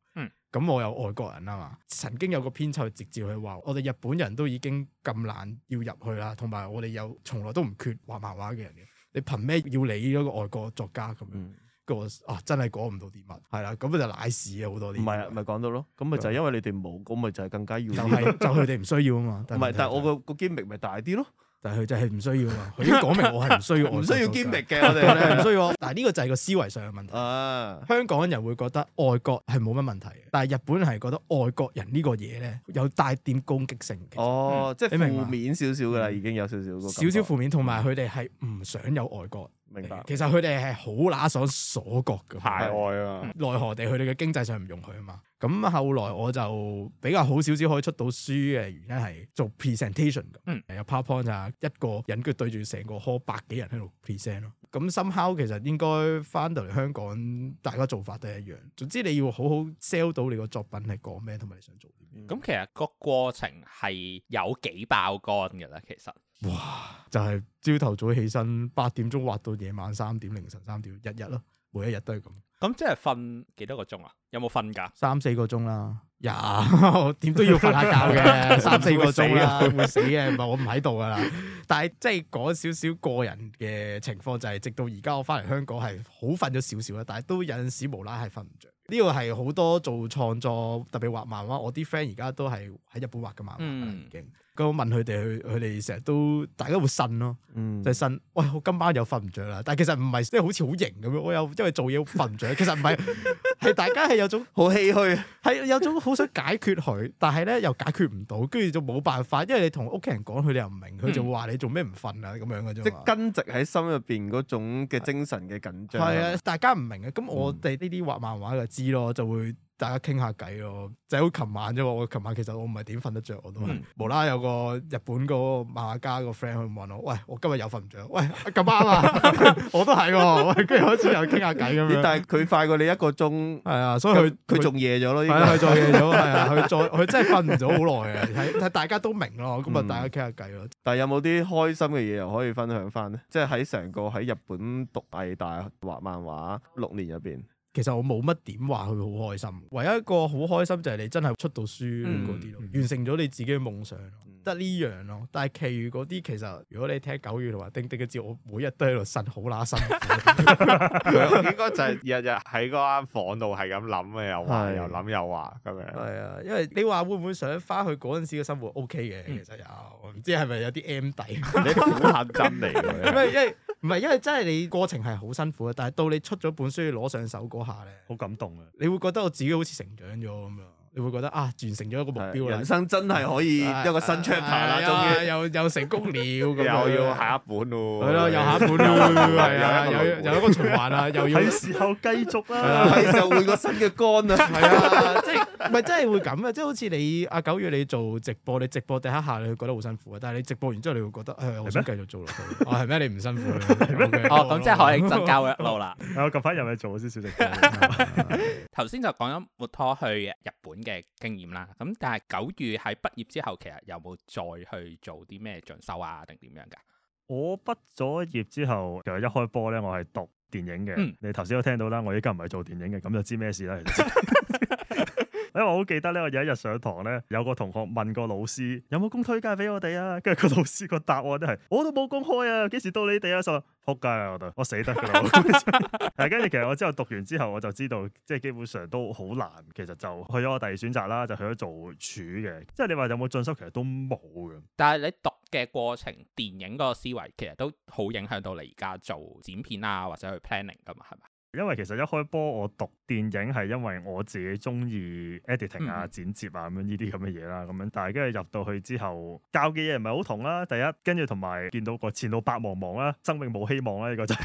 咁我有外國人啊嘛，曾經有個編輯直接去話：我哋日本人都已經咁難要入去啦，同埋我哋又從來都唔缺畫漫畫嘅人嘅，你憑咩要理嗰個外國作家咁樣？個啊真係講唔到啲乜，係啦，咁咪就乃屎啊好多啲。唔係啊，咪講到咯，咁咪就因為你哋冇，咁咪就更加要。就係就佢哋唔需要啊嘛。唔係，但係我個個 g a 咪大啲咯。但係佢真係唔需要啊！佢 已經講明我係唔需要，國國需要，我唔需要堅力嘅，我哋唔需要。但係呢個就係個思維上嘅問題。Uh. 香港人會覺得外國係冇乜問題，但係日本係覺得外國人個呢個嘢咧有帶點攻擊性。嘅、oh, 嗯。哦，即係你負面少少㗎啦，嗯、已經有少少、嗯、少少少少負面，同埋佢哋係唔想有外國。明白，其實佢哋係好揦上鎖角嘅，排外，奈何地佢哋嘅經濟上唔容許啊嘛。咁後來我就比較好少少可以出到書嘅原因係做 presentation 咁，嗯、有 powerpoint 啊，一個人居對住成個科百幾人喺度 present 咯。咁深烤其實應該翻到嚟香港，大家做法都係一樣。總之你要好好 sell 到你個作品係講咩，同埋你想做啲咩。嗯。咁、嗯、其實個過程係有幾爆肝嘅咧，其實。哇！就係朝頭早起身八點鐘畫到夜晚三點凌晨三點，日日咯，每一日都係咁。咁即係瞓幾多個鐘啊？有冇瞓㗎？三四個鐘啦。有，點都要瞓下覺嘅， 三四個鐘啦， 會死嘅，唔係我唔喺度噶啦。但係即係講少少個人嘅情況就係，直到而家我翻嚟香港係好瞓咗少少啦，但係都有陣時無啦係瞓唔着。呢個係好多做創作，特別畫漫畫，我啲 friend 而家都係喺日本畫嘅漫畫。嗯咁問佢哋，佢哋成日都大家會呻咯，嗯、就呻。喂，我今晚又瞓唔著啦！但其實唔係，即係好似好型咁樣。我又因為做嘢瞓唔著，其實唔係，係 大家係有種好唏噓，係 有種好想解決佢，但係咧又解決唔到，跟住就冇辦法。因為你同屋企人講，佢哋又唔明，佢就會話你做咩唔瞓啊咁樣嘅啫。即係根植喺心入邊嗰種嘅精神嘅緊張。係啊，大家唔明啊。咁、嗯、我哋呢啲畫漫畫就知咯，就會。大家傾下偈咯，就係好似琴晚啫，我琴晚其實我唔係點瞓得着我都係、嗯、無啦啦有個日本個漫畫家個 friend 去問我：喂，我今日又瞓唔著。喂，咁啱啊！啊 我都係、啊，跟住開始又傾下偈咁樣。但係佢快過你一個鐘，係啊，所以佢佢仲夜咗咯。係、這個、啊，佢仲夜咗，係 啊，佢再佢真係瞓唔咗好耐啊。係， 大家都明咯。咁咪大家傾下偈咯。但係有冇啲開心嘅嘢又可以分享翻咧？即係喺成個喺日本讀藝大大畫漫畫六年入邊。其實我冇乜點話佢好開心，唯一一個好開心就係你真係出到書嗰啲咯，嗯、完成咗你自己嘅夢想。嗯得呢樣咯，但係其餘嗰啲其實，如果你聽九月同定定嘅字，我每日都喺度呻，好乸辛苦，應該就係日日喺嗰間房度係咁諗啊，又話又諗又話咁樣。係啊，因為你話會唔會想翻去嗰陣時嘅生活？OK 嘅，其實又，唔知係咪有啲 M 底，你好認真嚟。唔係 是因為，唔係 因為真係你過程係好辛苦嘅，但係到你出咗本書攞上手嗰下咧，好感動啊！你會覺得我自己好似成長咗咁樣。 你會覺得啊，完成咗一個目標啦，人生真係可以一個新 chapter 啦，又又成功了，又要下一本咯，係咯，又下一本咯，係啊，又一個循環啊，又要係時候繼續啦，係時候換個新嘅肝啊，係啊，即係唔係真係會咁啊，即係好似你阿九月你做直播，你直播第一下你會覺得好辛苦啊，但係你直播完之後你會覺得誒，我想繼續做落去，啊係咩？你唔辛苦哦，咁即係可以進修一路啦，我近排有嘢做先少直播，頭先就講咗 MUTO 去日本。嘅經驗啦，咁但係九月喺畢業之後，其實有冇再去做啲咩進修啊，定點樣㗎？我畢咗業之後，其實一開波咧，我係讀電影嘅。嗯、你頭先都聽到啦，我依家唔係做電影嘅，咁就知咩事啦。其實 因為我好記得咧，我有一日上堂咧，有個同學問老有有、啊、個老師有冇公推介俾我哋啊，跟住個老師個答案都係我都冇公開啊，幾時到你哋啊，就仆街啊我度，我死得啦。係跟住其實我之後讀完之後，我就知道即係基本上都好難。其實就去咗我第二選擇啦，就去咗做處嘅。即係你話有冇進修，其實都冇嘅。但係你讀嘅過程，電影嗰個思維其實都好影響到你而家做剪片啊，或者去 planning 噶嘛，係嘛？因為其實一開波我讀電影係因為我自己中意 editing 啊剪接啊咁樣呢啲咁嘅嘢啦咁樣，但係跟住入到去之後教嘅嘢唔係好同啦、啊，第一跟住同埋見到個前路白茫茫啦，生命冇希望啦、啊、呢、呢個就。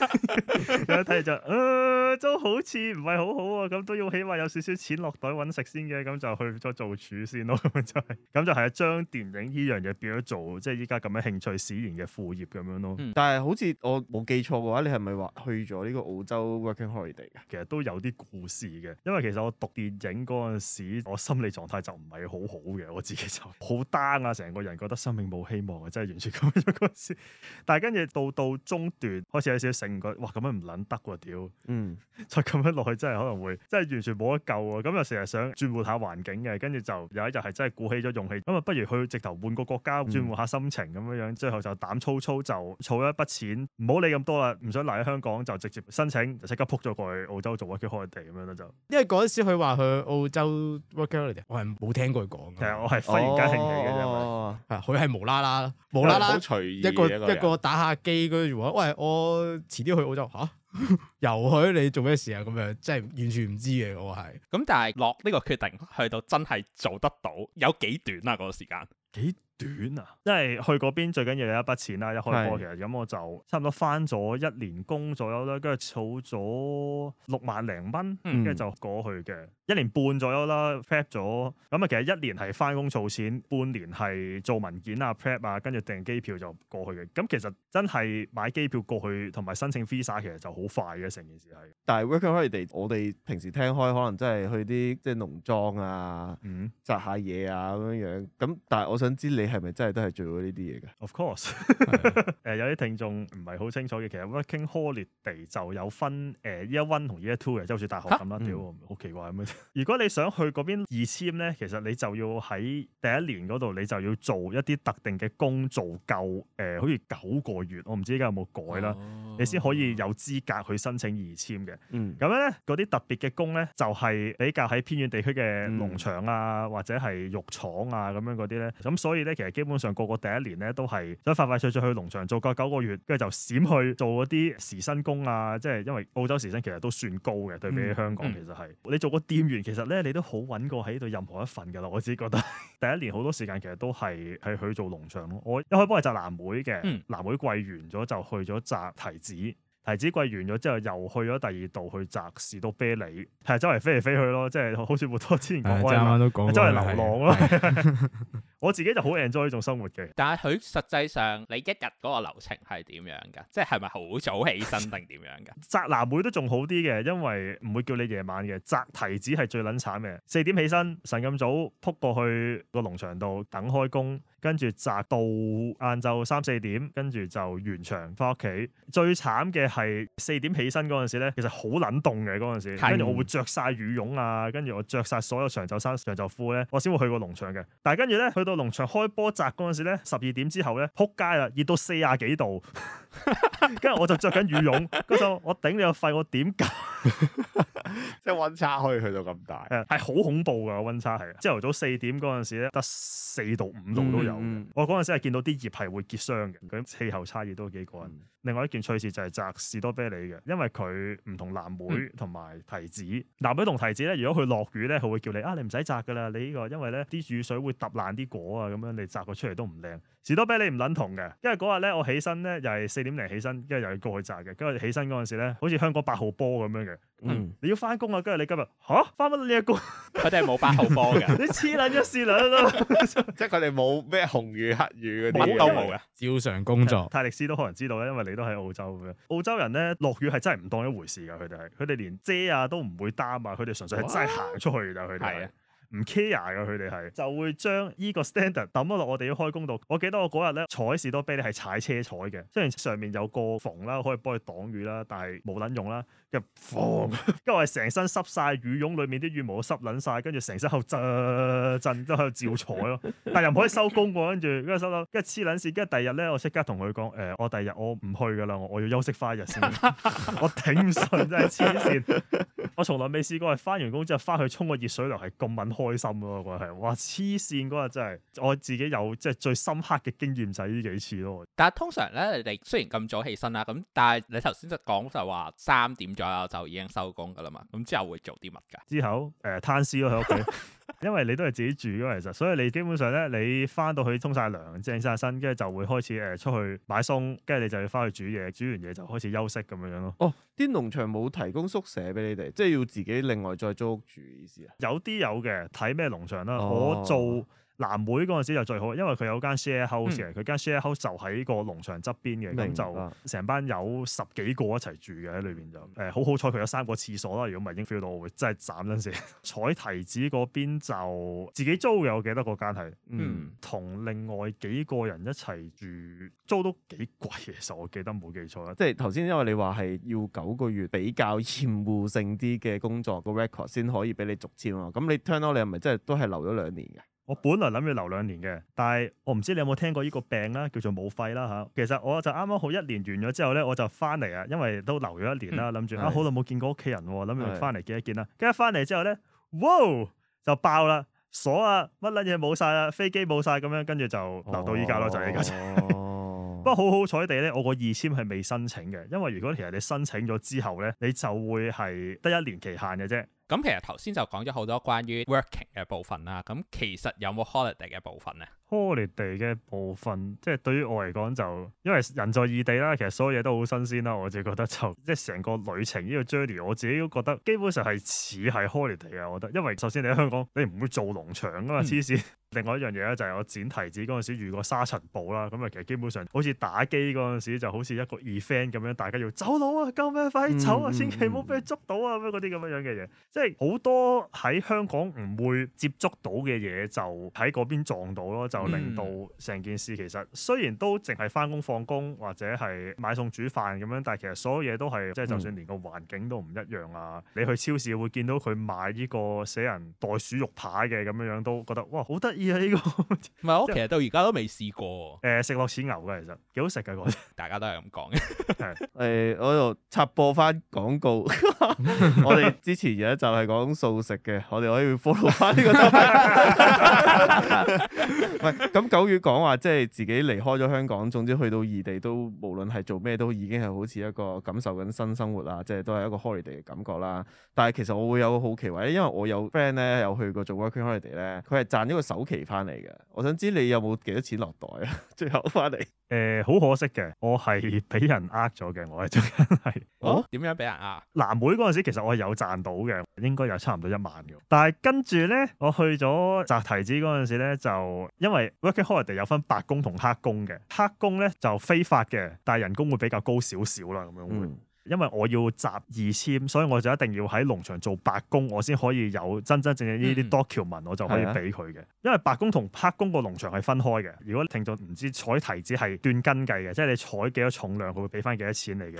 有 睇 完就，都、啊、好似唔係好好啊，咁都要起碼有少少錢落袋揾食先嘅，咁就去咗做廚先咯， 就係，咁就係將電影呢樣嘢變咗做，即係依家咁嘅興趣使然嘅副業咁樣咯。嗯、但係好似我冇記錯嘅話，你係咪話去咗呢個澳洲 working holiday 啊？其實都有啲故事嘅，因為其實我讀電影嗰陣時，我心理狀態就唔係好好嘅，我自己就好 down 啊，成個人覺得生命冇希望啊，真係完全咁樣嗰陣時。但係跟住到到中段，開始有少少成個，哇噉樣唔撚得喎，屌！嗯，就咁樣落去真係可能會，真係完全冇得救喎。咁又成日想轉換下環境嘅，跟住就有一日係真係鼓起咗勇氣，咁啊，不如去直頭換個國家轉換下心情咁樣樣，最後就膽粗粗就儲咗一筆錢，唔好理咁多啦，唔想留喺香港，就直接申請就即刻撲咗過去澳洲做 working holiday 咁樣啦，就。因為嗰陣時佢話去澳洲 working holiday，我係冇聽過佢講嘅，我係忽然間興起嘅啫，係佢係無啦啦，無啦啦，隨意一個一個打下機，跟住話喂，我遲啲去。我就嚇你做咩事啊？咁 樣真係完全唔知嘅，我係。咁、嗯、但係落呢個決定，去到真係做得到，有幾短啊？嗰個時間。幾短啊，因為去嗰邊最緊要有一筆錢啦，一開波是其實咁我就差唔多返咗一年工左右啦，跟住儲咗六萬零蚊，跟住、嗯、就過去嘅，一年半左右啦，prep 咗，咁啊其實一年係返工儲錢，半年係做文件啊 prep 啊，跟住訂機票就過去嘅，咁其實真係買機票過去同埋申請 visa 其實就好快嘅成件事係。但係 working、er、holiday 我哋平時聽開可能真係去啲即係農莊啊，嗯、摘下嘢啊咁樣樣，咁但係我想知你。係咪真係都係做過呢啲嘢嘅？Of course，誒、 呃、有啲聽眾唔係好清楚嘅。其實 working holiday 就有分誒、呃、year one 同 year two 嘅，即係好似大學咁樣。啊、屌，嗯、好奇怪咁樣。嗯、如果你想去嗰邊二簽咧，其實你就要喺第一年嗰度，你就要做一啲特定嘅工，做夠誒、呃，好似九個月。我唔知依家有冇改啦，啊、你先可以有資格去申請二簽嘅。咁咧嗰啲特別嘅工咧，就係、是、比較喺偏遠地區嘅農場啊，嗯、或者係肉廠啊咁樣嗰啲咧。咁所以咧。其實基本上個個第一年咧都係想快快脆脆去農場做個九個月，跟住就閃去做嗰啲時薪工啊！即係因為澳洲時薪其實都算高嘅，嗯、對比起香港其實係、嗯、你做個店員，其實咧你都好搵過喺度任何一份噶啦。我自己覺得 第一年好多時間其實都係喺去做農場咯。我一開波幫係摘藍莓嘅，嗯、藍莓季完咗就去咗摘提子。提子季完咗之後，又去咗第二度去摘士多啤梨，係周圍飛嚟飛去咯，即係好似 MUTO 之前講開，過周圍流浪咯。 我自己就好 enjoy 呢種生活嘅。但係佢實際上你一日嗰個流程係點樣嘅？即係係咪好早起身定點樣嘅？ 摘藍莓都仲好啲嘅，因為唔會叫你夜晚嘅。摘提子係最撚慘嘅，四點起身，晨咁早撲過去個農場度等開工。跟住摘到晏晝三四點，跟住就完場翻屋企。最慘嘅係四點起身嗰陣時咧，其實好冷凍嘅嗰陣時，跟住的我會着晒羽絨啊，跟住我着晒所有長袖衫、長袖褲咧，我先會去個農場嘅。但係跟住咧，去到農場開波摘嗰陣時咧，十二點之後咧，撲街啦，熱到四十幾度，跟 住我就着緊羽絨，跟住 我頂你個肺，我點搞？ 即係溫差可以去到咁大，係好恐怖㗎！溫差係朝頭早四點嗰陣時咧，得四度五度都有。嗯嗯、我嗰陣時係見到啲葉係會結霜嘅，咁氣候差異都幾過。嗯、另外一件趣事就係摘士多啤梨嘅，因為佢唔同藍莓同埋提子。嗯、藍莓同提子咧，如果佢落雨咧，佢會叫你啊，你唔使摘噶啦，你呢、呢個因為咧啲雨水會揼爛啲果啊，咁樣你摘個出嚟都唔靚。士多啤梨唔撚同嘅，因為嗰日咧我起身咧又係四點零起身，跟住又要過去摘嘅。跟住起身嗰陣時咧，好似香港八號波咁樣嘅。嗯，你要翻工啊？跟住你今日嚇翻乜你嘅工？佢哋係冇八號波嘅。 你黐撚咗線啦、啊， 即係佢哋冇咩紅雨黑雨嗰啲，乜都冇嘅。照常工作。泰力斯都可能知道咧，因為你都喺澳洲咁樣。澳洲人咧，落雨係真係唔當一回事嘅，佢哋係佢哋連遮啊都唔會擔啊，佢哋純粹係真係行出去嘅。佢哋係啊。的唔 care 㗎，佢哋係，就會將依個 standard 抌咗落我哋要開工度。我記得我嗰日咧，踩士多啤梨係踩車踩嘅，雖然上面有個篷啦，可以幫佢擋雨啦，但係冇撚用啦。跟住我係成身濕晒，羽絨裡面啲羽毛濕撚晒，跟住成身震後震震都喺度照彩咯。但又唔可以收工喎，跟住跟住收啦，跟住黐撚線，跟住第二日咧我即刻同佢講誒，我第二日我唔去㗎啦，我要休息翻一日先， 我頂唔順真係黐線。我從來未試過係翻完工之後翻去沖個熱水涼係咁撚開心咯，我覺得係哇黐線嗰日真係我自己有即係最深刻嘅經驗，就係呢幾次咯。但係通常咧，你雖然咁早起身啦，咁但係你頭先就講就話三點。左右就已經收工噶啦嘛，咁之後會做啲乜㗎？之後誒攤屍咯喺屋企，呃、 因為你都係自己住咯，其實，所以你基本上咧，你翻到去沖晒涼、正晒身，跟住就會開始誒出去買餸，跟住你就要翻去煮嘢，煮完嘢就開始休息咁樣樣咯。哦，啲農場冇提供宿舍俾你哋，即係要自己另外再租屋住嘅意思啊？有啲有嘅，睇咩農場啦。哦、我做。藍莓嗰陣時就最好，因為佢有間 share house 嘅、嗯，佢間 share house 就喺個農場側邊嘅，咁、嗯、就成班有十幾個一齊住嘅喺裏邊就誒，好好彩佢有三個廁所啦。如果唔係已經 feel 到我會真係斬撚死。嗯、 彩提子嗰邊就自己租嘅，我記得嗰間係同、嗯嗯、另外幾個人一齊住，租都幾貴嘅。其實我記得冇記錯啦，即係頭先因為你話係要九個月比較厭惡性啲嘅工作個 record 先可以俾你續簽啊。咁你 turn 聽到你係咪真係都係留咗兩年嘅？我本來諗住留兩年嘅，但係我唔知你有冇聽過呢個病啦，叫做武肺啦嚇。其實我就啱啱好一年完咗之後咧，我就翻嚟啊，因為都留咗一年啦，諗住啊好耐冇見過屋企人喎，諗住翻嚟見一見啦。跟住一翻嚟之後咧，哇就爆啦，鎖啊乜撚嘢冇晒啦，飛機冇晒咁樣，跟住就留到依家咯，哦、就係依家。不過好好彩地咧， 哦、 我個二簽係未申請嘅，因為如果其實你申請咗之後咧，你就會係得一年期限嘅啫。咁其實頭先就講咗好多關於 working 嘅部分啦，啊，咁其實有冇 holiday 嘅部分咧？holiday 嘅部分，即係對於我嚟講就，因為人在異地啦，其實所有嘢都好新鮮啦。我自己覺得就，即係成個旅程呢、這個 journey，我自己都覺得基本上係似係 holiday 啊。我覺得，因為首先你喺香港，嗯、你唔會做農場噶嘛，黐線。嗯、另外一樣嘢咧就係我剪提子嗰陣時遇過沙塵暴啦，咁啊其實基本上好似打機嗰陣時就好似一個 event 咁樣，大家要走佬啊，救命、啊！快啲走啊，嗯、千祈唔好俾佢捉到啊咁樣嗰啲咁嘅樣嘅嘢，即係好多喺香港唔會接觸到嘅嘢就喺嗰邊撞到咯，就。就就令、嗯、到成件事其實雖然都淨係翻工放工或者係買餸煮飯咁樣，但係其實所有嘢都係即係就算連個環境都唔一樣啊！你去超市會見到佢買呢個死人袋鼠肉排嘅咁樣樣，都覺得哇、這個、好得意啊！呢個唔係我其實到而家都未試過誒食落似牛嘅，其實幾好食嘅，我大家都係咁講嘅誒，我度插播翻廣告， 我哋之前就係講素食嘅，我哋可以 follow 翻呢個。 咁 九月講話即係自己離開咗香港，總之去到異地都無論係做咩都已經係好似一個感受緊新生活啊，即係都係一個 holiday 嘅感覺啦。但係其實我會有好奇，或者因為我有 friend 咧有去過做 working holiday 咧，佢係賺咗個首期翻嚟嘅。我想知你有冇幾多錢落袋啊？最後翻嚟？誒、呃，好可惜嘅，我係俾人呃咗嘅，我係真係。哦，點 樣俾人呃？藍莓嗰陣時其實我係有賺到嘅，應該有差唔多一萬嘅。但係跟住咧，我去咗摘提子嗰陣時咧，就因為係 working holiday 有分白工同黑工嘅，黑工咧就非法嘅，但係人工會比較高少少啦，咁樣會。因為我要集二簽，所以我就一定要喺農場做白工，我先可以有真真正正呢啲 document，我就可以俾佢嘅。的因為白工同黑工個農場係分開嘅。如果聽眾唔知採提子係斷斤計嘅，即係你採幾多重量，佢會俾翻幾多錢你嘅。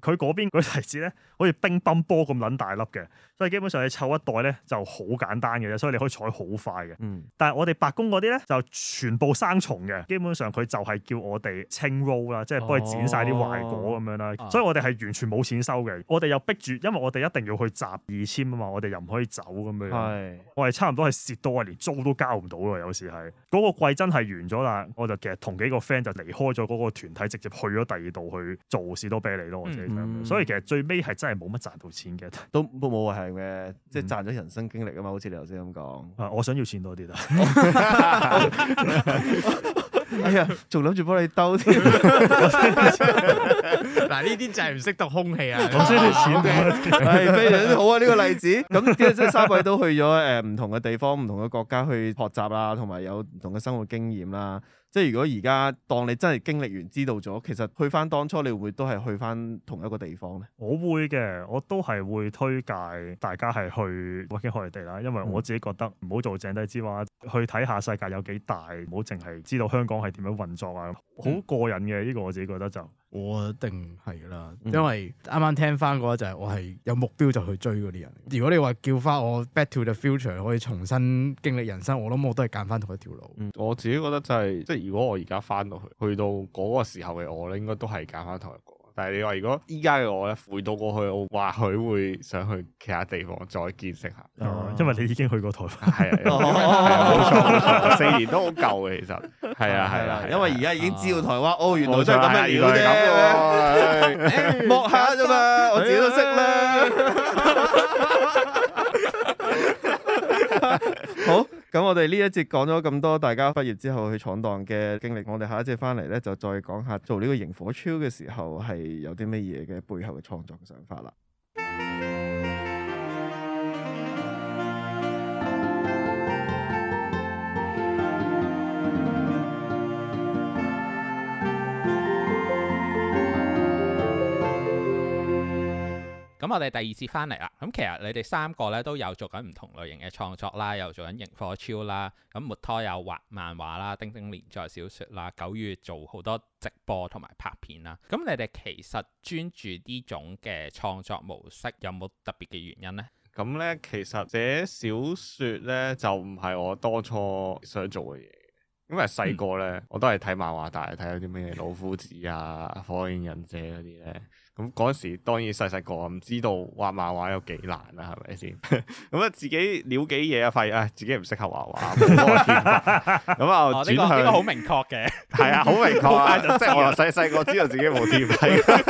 佢嗰邊嗰提子咧好似乒乓波咁撚大粒嘅，所以基本上你湊一袋咧就好簡單嘅，啫。所以你可以採好快嘅，嗯。但係我哋白工嗰啲咧就全部生蟲嘅，基本上佢就係叫我哋清 row 啦，即係幫佢剪晒啲壞果咁樣啦，哦、所以我哋係完全。全冇錢收嘅，我哋又逼住，因為我哋一定要去集二簽啊嘛，我哋又唔可以走咁樣。是我哋差唔多係蝕到，我連租都交唔到啊！有時係嗰、嗰個季真係完咗啦，我就其實同幾個 friend 就離開咗嗰個團體，直接去咗第二度去做士多啤梨咯。我自己嗯、所以其實最尾係真係冇乜賺到錢嘅，都都冇話係咩，即係賺咗人生經歷啊嘛。嗯、好似你頭先咁講，我想要錢多啲啦。 哎呀，仲諗住幫你兜添。嗱，呢啲就係唔識讀。空氣啊，好需要錢嘅，非常之好啊！呢、這個例子，咁即係即係三位都去咗誒唔同嘅地方，唔同嘅國家去學習啦，有有同埋有唔同嘅生活經驗啦。即係如果而家當你真係經歷完，知道咗，其實去翻當初你會唔會都係去翻同一個地方咧？我會嘅，我都係會推介大家係去 working holiday 啦，因為我自己覺得唔好做井底之蛙。去睇下世界有幾大，唔好淨係知道香港係點樣運作啊！好過癮嘅，呢個我自己覺得就我一定係啦，嗯、因為啱啱聽翻嗰就係我係有目標就去追嗰啲人。如果你話叫翻我 Back to the Future 可以重新經歷人生，我諗我都係揀翻同一條路、嗯。我自己覺得就係、是、即係如果我而家翻到去，去到嗰個時候嘅我咧，應該都係揀翻同一個。但係你話如果依家嘅我呢，回到過去，我或許會想去其他地方再見識下，因為你已經去過台灣，係啊，冇錯，四年都好舊嘅其實，係啊係啊！因為而家已經知道台灣，哦，原來就係咁樣好啫，剝下啫嘛，我自己都識啦，好。咁我哋呢一節講咗咁多，大家畢業之後去闖蕩嘅經歷，我哋下一節翻嚟咧就再講下做呢個營火 Chill 嘅時候係有啲咩嘢嘅背後嘅創作想法啦。咁我哋第二次翻嚟啦，咁其實你哋三個咧都有做緊唔同類型嘅創作啦，又做緊營火 Chill 啦，咁 MUTO 又畫漫畫啦，丁丁連載小説啦，九月做好多直播同埋拍片啦。咁你哋其實專注呢種嘅創作模式，有冇特別嘅原因呢？咁咧，其實寫小説咧就唔係我當初想做嘅嘢，因為細個咧我都係睇漫畫大，但係睇嗰啲咩老夫子啊、火影忍者嗰啲咧。咁嗰陣時當然細細個唔知道畫漫畫有幾難啦、啊，係咪先？咁 啊自己了幾嘢啊，發現唉自己唔適合畫畫，咁啊 轉向，呢、哦呢個好、呢個、明確嘅，係 啊，好明確啊！即係 我細細個知道自己冇天份。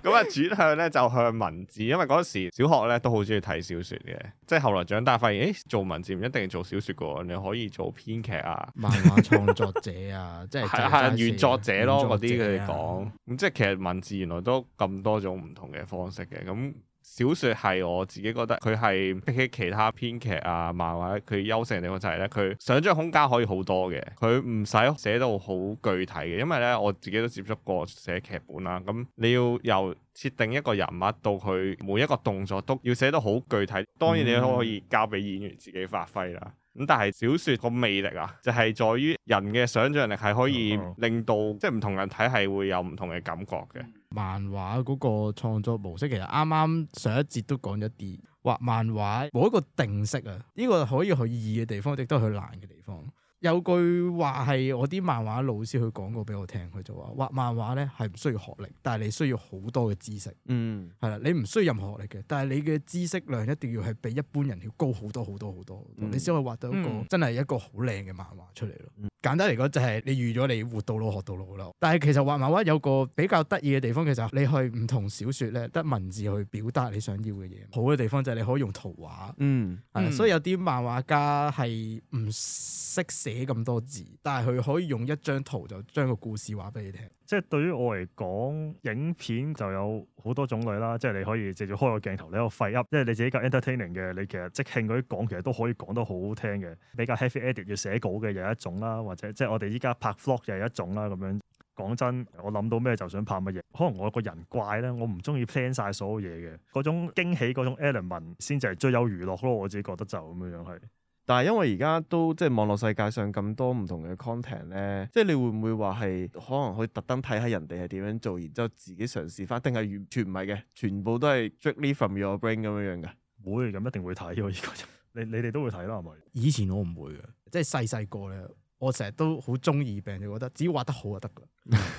咁啊 轉向咧就向文字，因為嗰陣時小學咧都好中意睇小説嘅，即係後來長大發現，誒、欸、做文字唔一定做小説嘅喎，你可以做編劇啊、漫畫創作者啊，即係係原作者咯嗰啲佢哋講。咁即係其實文字。原來都咁多種唔同嘅方式嘅，咁小説係我自己覺得佢係比起其他編劇啊、漫畫佢優勝嘅地方就係咧，佢想像空間可以好多嘅，佢唔使寫到好具體嘅，因為咧我自己都接觸過寫劇本啦，咁你要由設定一個人物到佢每一個動作都要寫得好具體，當然你都可以交俾演員自己發揮啦。咁、嗯、但係小説個魅力啊，就係、是、在於人嘅想像力係可以、嗯、令到即係唔同人睇係會有唔同嘅感覺嘅。漫畫嗰個創作模式其實啱啱上一節都講咗啲，畫漫畫冇一個定式啊，呢個可以去易嘅地方，亦都去難嘅地方。有句話係我啲漫畫老師佢講過俾我聽，佢就話畫漫畫咧係唔需要學歷，但係你需要好多嘅知識。嗯，係啦，你唔需要任何學歷嘅，但係你嘅知識量一定要係比一般人要高好多好多好多，多，嗯、你先可以畫到一個、嗯、真係一個好靚嘅漫畫出嚟咯。嗯、簡單嚟講，就係你預咗你活到老學到老啦。但係其實畫漫畫有個比較得意嘅地方，其實你去唔同小説咧，得文字去表達你想要嘅嘢。好嘅地方就係你可以用圖畫。嗯，係啦，所以有啲漫畫家係唔識寫，寫咁多字，但係佢可以用一張圖就將個故事話俾你聽。即係對於我嚟講，影片就有好多種類啦。即係你可以直接開個鏡頭，你喺度廢 up，因為你自己個 entertaining 嘅。你其實即興嗰啲講，其實都可以講得好好聽嘅。比較 heavy edit 要寫稿嘅又一種啦，或者即係我哋依家拍 vlog 又係一種啦。咁樣講真，我諗到咩就想拍乜嘢。可能我個人怪咧，我唔中意 plan 晒所有嘢嘅嗰種驚喜嗰種 element 先至係最有娛樂咯。我自己覺得就咁樣樣係。但係因為而家都即係網絡世界上咁多唔同嘅 content 咧，即係你會唔會話係可能去特登睇下人哋係點樣做，然之後自己嘗試翻，定係完全唔係嘅，全部都係 strictly from your brain 咁樣樣嘅？會咁，一定會睇喎，而家就你你哋都會睇啦，係咪？以前我唔會嘅，即係細細個咧。我成日都好中意病，就覺得只要畫得好就得噶，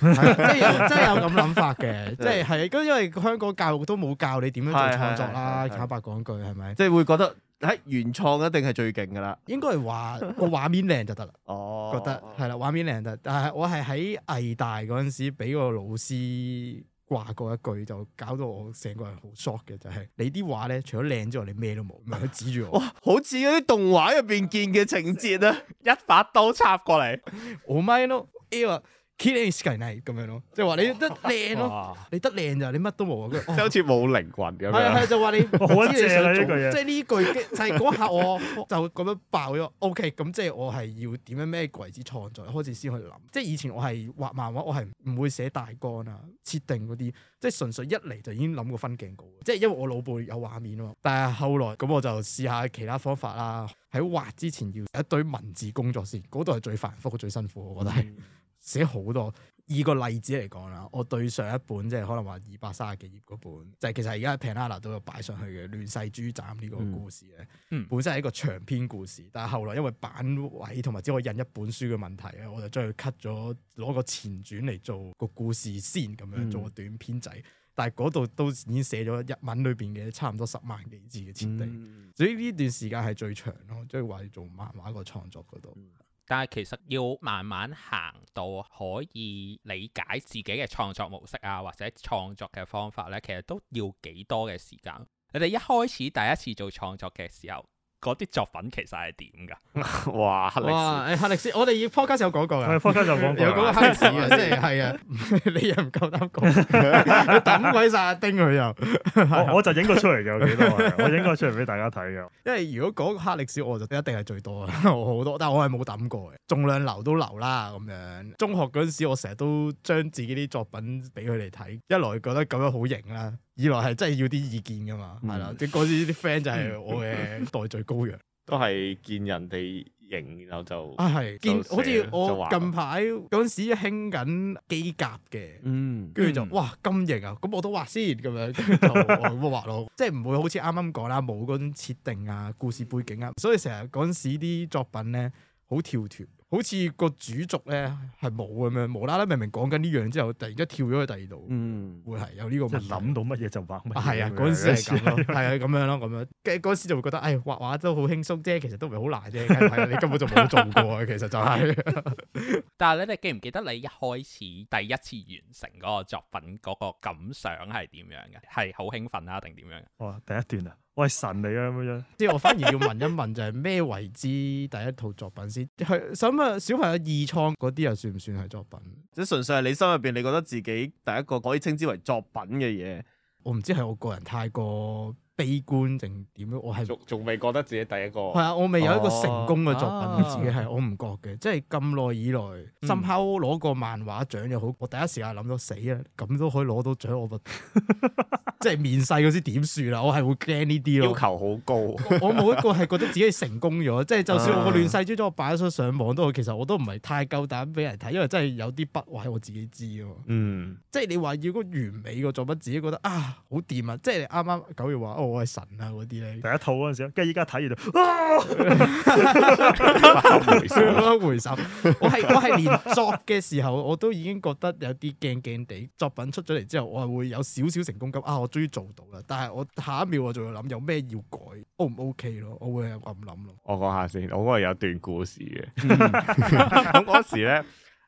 即係 真係有咁諗法嘅，即係係咁，因為香港教育都冇教你點樣做創作啦，坦白講句係咪？即係會覺得喺原創一定係最勁噶啦，應該係畫個畫面靚就得啦。哦，覺得係啦，畫面靚、 哦、就得，但係我係喺藝大嗰陣時，俾個老師話過一句就搞到我成個人好 shock 嘅，就係、是、你啲畫咧，除咗靚之外，你咩都冇，唔係佢指住我。好似嗰啲動畫入邊見嘅情節啊， 一把刀插過嚟，我咪咯，妖。k e n n n y 咁樣咯，即係話你得靚咯哇，你得靚就你乜都冇，啊。即係好似冇靈魂咁樣。係係就話你好正呢句嘢，即係呢句就係嗰下我就咁樣爆咗。OK，咁即係我係要點樣咩鬼子創作，開始先去諗。即係以前我係畫漫畫，我係唔會寫大綱啊、設定嗰啲，即係純粹一嚟就已經諗過分鏡稿。即係因為我腦背有畫面啊。但係後來咁，我就試下其他方法啦。喺畫之前要一堆文字工作先，嗰度係最繁複、最辛苦，我覺得係、嗯。寫好多，以個例子嚟講啦，我對上一本即係可能話二百三十幾頁嗰本，就其實而家 Penana 都有擺上去嘅亂、嗯、世豬仔呢個故事嘅，嗯、本身係一個長篇故事，但係後來因為版位同埋只可以印一本書嘅問題咧，我就將佢 cut 咗，攞個前傳嚟做個故事先咁樣做個短篇仔，嗯、但係嗰度都已經寫咗日文裏邊嘅差唔多十萬幾字嘅設定，所以呢段時間係最長咯，即係話做漫畫個創作嗰度。但係其實要慢慢行到可以理解自己嘅創作模式啊，或者創作嘅方法呢，其實都要幾多嘅時間。你哋一開始第一次做創作嘅時候。嗰啲作品其實係點㗎？哇！哇！誒、哎，黑歷史，我哋要 Podcast 有講過嘅，Podcast 就講過 有嗰個黑歷史 啊，即係係啊，你又唔夠膽講，抌鬼晒，阿丁佢又 我，我就影過出嚟嘅，有幾多？我影過出嚟俾大家睇嘅。 因為如果嗰個黑歷史，我就一定係最多啦，我好多，但係我係冇抌過嘅。重量流都流啦，咁樣。中學嗰陣時，我成日都將自己啲作品俾佢哋睇，一來覺得咁樣好型啦。以來係真係要啲意見噶嘛，係啦、嗯，即嗰時啲 friend 就係我嘅代罪羔羊，嗯、對都係見人哋型，然後就啊係見，好似寫我近排嗰陣時興緊機甲嘅，嗯，跟住就哇咁型啊，咁我都畫先，咁樣就咁我畫咯，即係唔會好似啱啱講啦，冇嗰種設定啊、故事背景啊，所以成日嗰陣時啲作品咧好跳脫。好似個主軸咧係冇咁樣，無啦啦明明講緊呢樣之後，突然間跳咗去第二度，嗯、會係有呢個。即係諗、嗯、到乜嘢就畫乜嘢。係啊，嗰陣時係咁咯，係啊，咁樣咯，咁樣。跟住嗰陣時就會覺得，誒、哎，畫畫都好輕鬆啫，其實都唔係好難啫。係啊，你根本就冇做過啊，其實就係、是。 但係咧，你記唔記得你一開始第一次完成嗰個作品嗰個感想係點樣嘅？係好興奮啊，定點樣嘅？哇、哦！第一段啊。我係神嚟噶咁樣，即係 我反而要問一問，就係咩為之第一套作品先？係咁啊，小朋友二創嗰啲又算唔算係作品？即係純粹係你心入邊，你覺得自己第一個可以稱之為作品嘅嘢，我唔知係我個人太過悲觀定點樣？我係仲未覺得自己第一個，係啊，我未有一個成功嘅作品。我、哦啊、自己係我唔覺嘅，即係咁耐以來，甚至攞個漫畫獎又好，我第一時間諗到死啊！咁都可以攞到獎，我唔 即係面世嗰時點算啦？我係會驚呢啲咯。要求好高， 我冇一個係覺得自己成功咗，即係、啊、就，就算我亂世之中我擺咗上網都，其實我都唔係太夠膽俾人睇，因為真係有啲筆畫我自己知喎。嗯，即係你話要個完美嘅作品，自己覺得啊，好掂啊！即係你啱啱狗如話。我係神啊嗰啲咧，呢第一套嗰陣時，跟住依家睇完就，啊、 回首神咯，回首。 我係我係連作嘅時候，我都已經覺得有啲驚驚地。作品出咗嚟之後，我係會有少少成功感啊！我終於做到啦！但係我下一秒我仲要諗，有咩要改？O 唔 O K 咯？我會咁諗咯。我講下先，我係有段故事嘅。咁 嗰 時咧，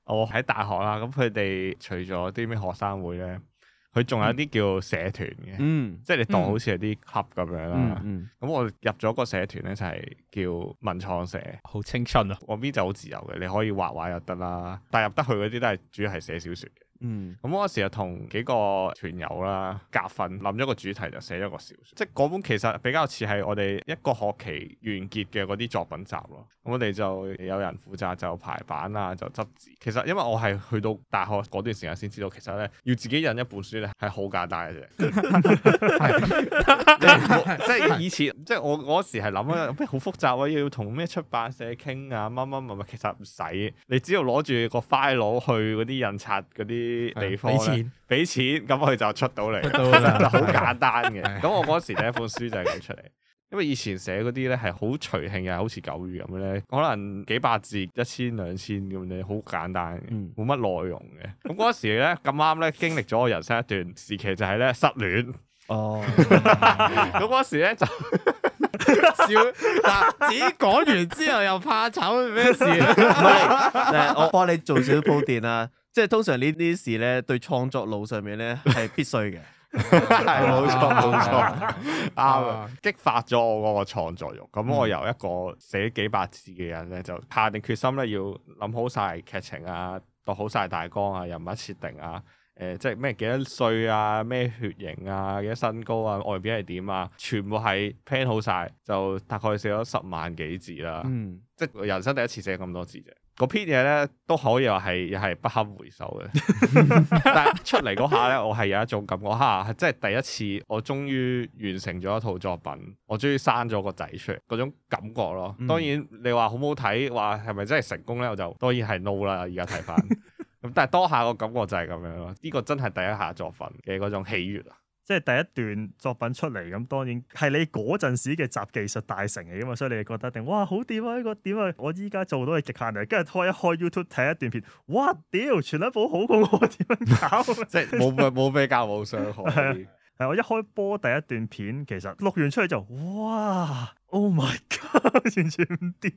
我喺大學啦，咁佢哋除咗啲咩學生會咧。佢仲有啲叫社團嘅，嗯，即係你當好似係啲 club 咁樣啦。嗯，咁樣、嗯、我入咗個社團咧就係叫文創社，好青春啊！我邊就好自由嘅，你可以畫畫又得啦。但係入得去啲都係主要係寫小說。嗯，咁我嗰、嗯嗯、時又同幾個團友啦，夾份諗咗個主題就寫咗個小說，即係嗰本其實比較似係我哋一個學期完結嘅嗰啲作品集咯。咁我哋就有人負責就排版啊，就執字。其實因為我係去到大學嗰段時間先知道，其實咧要自己印一本書咧係好簡單嘅啫。即係以前，即係我嗰時係諗啊，咩好 複雜啊，要同咩出版社傾啊，乜乜乜乜，其實唔使。你只要攞住個，個 file 去嗰啲印刷嗰啲，啲地方咧，俾錢，咁佢就出到嚟，好 簡單嘅。咁 我嗰時第一本書就係咁出嚟。因為以前寫嗰啲咧係好隨興嘅，好似狗語咁咧，可能幾百字、一千兩千咁咧，好簡單嘅，冇乜內容嘅。咁嗰時咧咁啱咧，經歷咗我人生一段時期，就係咧失戀。哦 咁嗰時咧就少，自己講完之後又怕醜，咩事？唔係， 我幫你做少少鋪墊啦。即係通常呢啲事咧，對創作路上面咧係必須嘅，係，冇錯冇錯，啱啊！激發咗我嗰個創作欲。咁我由一個寫幾百字嘅人咧，就下定決心咧，要諗好晒劇情啊、讀好晒大綱啊、人物設定啊、誒、呃、即係咩幾多歲啊、咩血型啊、幾多身高啊、外表係點啊，全部係 plan 好晒，就大概寫咗十萬幾字啦。嗯，即係人生第一次寫咁多字啫。嗰篇嘢咧，都可以話係又係不堪回首嘅。 但係出嚟嗰下咧，我係有一種感覺，吓，即係第一次，我終於完成咗一套作品，我終於生咗個仔出嚟，嗰種感覺咯。當然你好好，你話好唔好睇，話係咪真係成功咧？我就當然係 no 啦。而家睇翻，咁但係當下個感覺就係咁樣咯。呢、這個真係第一下作品嘅嗰種喜悅啊！即係第一段作品出嚟咁，當然係你嗰陣時嘅集技術大成嚟噶嘛，所以你係覺得一定哇好掂啊！呢、呢個點啊，我依家做到係極限嚟，跟住開一開 YouTube 睇一段片，哇屌， 全粒波好過我點樣搞？ 即係冇冇比較冇傷害。係 我一開波第一段片，其實錄完出嚟就哇～Oh my god！完全唔掂，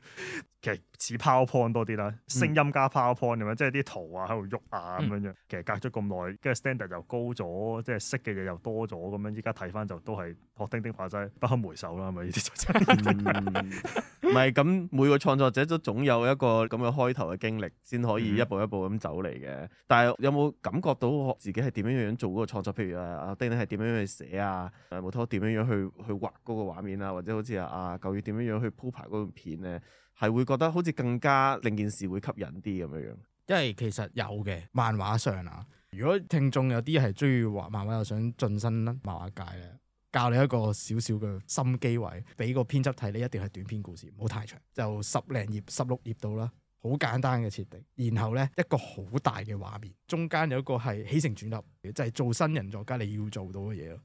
其實似 n t 多啲啦，聲音加 p p o w e r 泡泡咁樣，即係啲圖啊喺度喐啊咁樣樣。其實隔咗咁耐，跟住 s t a n d a r d 又高咗，即係識嘅嘢又多咗，咁樣依家睇翻就都係學丁丁畫晒，不堪回首啦，係咪呢啲就真、是、係？唔係咁每個創作者都總有一個咁嘅開頭嘅經歷，先可以一步一步咁走嚟嘅。嗯、但係有冇感覺到我自己係點樣樣做嗰個創作？譬如啊，丁丁係點樣、啊啊、樣去寫啊，木拖點樣樣去去畫嗰個畫面啊，或者好似啊？啊！究竟點樣樣去鋪排嗰段片，片呢？係會覺得好似更加令件事會吸引啲咁樣樣。因為其實有嘅漫畫上啊，如果聽眾有啲係中意畫漫畫又想晉身漫畫界咧，教你一個少少嘅心機位，俾個編輯睇你一定係短篇故事，唔好太長，就十零頁、十六頁到啦，好簡單嘅設定，然後呢，一個好大嘅畫面，中間有一個係起承轉合，就係、是、做新人作家你要做到嘅嘢咯。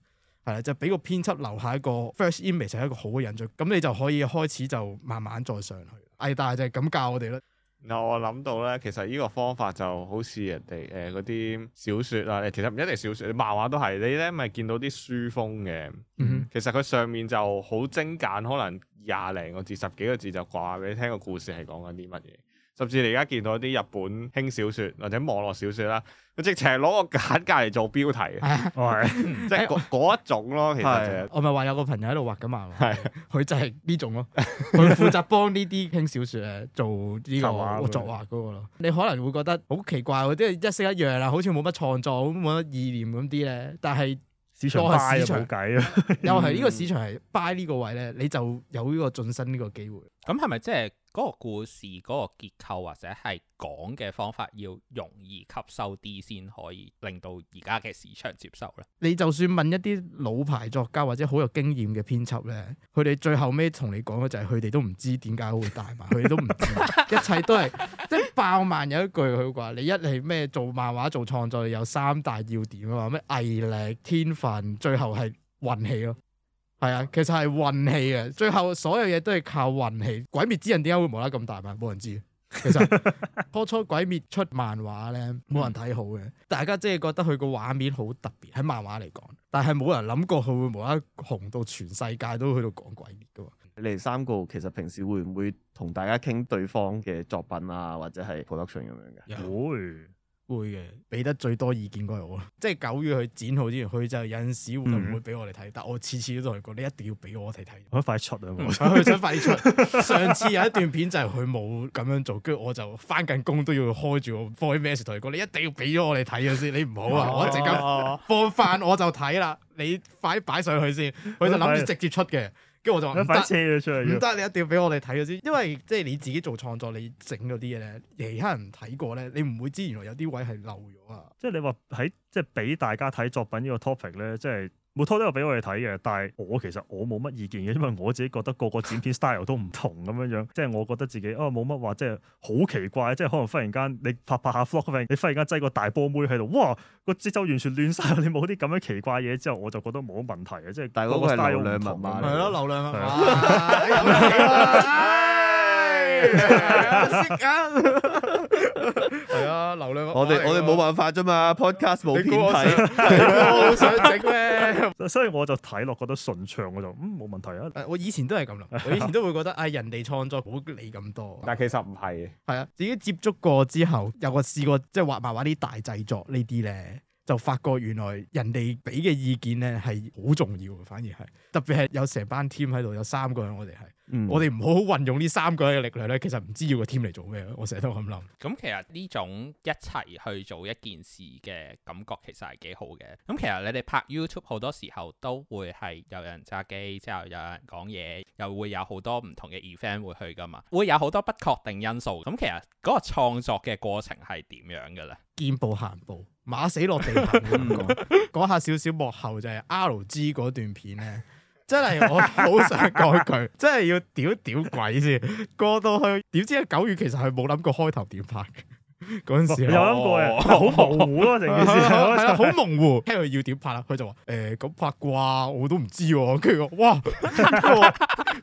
係啦，就俾、是、個編輯留下一個 first image，就係一個好嘅印象，咁你就可以開始就慢慢再上去。哎，但係就係咁教我哋咯。我諗到咧，其實依個方法就好似人哋誒嗰啲小説啊，其實唔一定小説，漫畫都係你咧，咪見到啲書風嘅，嗯、哼其實佢上面就好精簡，可能廿零個字、十幾個字就講俾你聽個故事係講緊啲乜嘢。甚至你而家見到啲日本輕小說或者網絡小說啦，佢直情係攞個簡介嚟做標題，即係嗰一種咯。啊、其實、就是、我咪話有個朋友喺度畫噶嘛，佢、啊、就係呢種咯。佢負責幫呢啲輕小說咧做呢、這個 作畫嗰、那個咯。嗯、你可能會覺得好奇怪，嗰啲一式一樣啦，好似冇乜創作，冇乜意念咁啲咧。但係市場大又係呢個市場係 buy 呢個位咧，你就有呢個晉身呢個機會。咁係咪即係？嗰個故事嗰、那個結構或者係講嘅方法要容易吸收啲先可以令到而家嘅市場接受咧。你就算問一啲老牌作家或者好有經驗嘅編輯咧，佢哋最後尾同你講嘅就係佢哋都唔知點解會大賣，佢哋 都唔知，一切都係 即係爆漫有一句佢話：你一嚟咩做漫畫做創作有三大要點啊嘛，咩毅力、天分，最後係運氣咯。係啊，其實係運氣啊，最後所有嘢都係靠運氣。鬼滅之刃點解會無啦咁大嘛？冇人知。其實 初初鬼滅出漫畫咧，冇人睇好嘅，嗯、大家即係覺得佢個畫面好特別喺漫畫嚟講，但係冇人諗過佢會無啦紅到全世界都去度講鬼滅噶。你哋三個其實平時會唔會同大家傾對方嘅作品啊，或者係 production 咁樣嘅？會 Yeah.、哎。會嘅，俾得最多意見嗰個係我，即係九月去剪好之前，佢就有陣時會唔會俾我哋睇？嗯、但我次次都同佢講，你一定要俾我睇睇。可快出啊！我想佢想快出。 上次有一段片就係佢冇咁樣做，跟住我就翻緊工都要開住我 voice message 同佢講， 你一定要俾咗我哋睇先。 你唔好啊！我一陣間放飯我就睇啦。 你快啲擺上去先，佢就諗住直接出嘅。跟住我就話唔得，唔得你，你一定要俾我哋睇咗先，因為即係你自己做創作，你整嗰啲嘢咧，其他人睇過咧，你唔會知原來有啲位係漏咗啊！即係你話喺即係俾大家睇作品呢個 topic 咧，即係。冇拖都有俾我哋睇嘅，但係我其實我冇乜意見嘅，因為我自己覺得個個剪片 style 都唔同咁樣樣，即係我覺得自己啊冇乜話即係好奇怪，即係可能忽然間你拍拍下 vlog 你忽然間擠個大波妹喺度，哇，個節奏完全亂晒，你冇啲咁樣奇怪嘢之後，我就覺得冇乜問題嘅，即係但係嗰個係流量密碼嚟。係咯流量密碼，係啊流量，我哋我哋冇辦法啫嘛，podcast 冇片睇，好想整咩？ 所以我就睇落覺得順暢，我就嗯冇問題啊！ 我以前都係咁啦，我以前都會覺得唉，哎、人哋創作唔好理咁多。 但其實唔係，係啊，自己接觸過之後，有個試過即係畫漫畫啲大製作呢啲咧。就發覺原來人哋俾嘅意見咧係好重要，反而係特別係有成班 team 喺度，有三個人我哋係，嗯、我哋唔好好運用呢三個人嘅力量咧，其實唔知要個 team 嚟做咩。我成日都咁諗。咁其實呢種一齊去做一件事嘅感覺其實係幾好嘅。咁其實你哋拍 YouTube 好多時候都會係有人揸機，之後有人講嘢，又會有好多唔同嘅 event 會去㗎嘛，會有好多不確定因素。咁其實嗰個創作嘅過程係點樣㗎咧？見步行步。馬死落地行咁講，講 下少少幕後就係 l g 嗰段片咧，真係我好想改佢，真係要屌屌鬼先過到去。點知啊九月其實係冇諗過開頭點拍嘅。嗰陣時，有諗過，好模糊咯，成件事好模糊。聽佢要點拍啦，佢就話：誒，咁拍啩，我都唔知喎。跟住我，哇，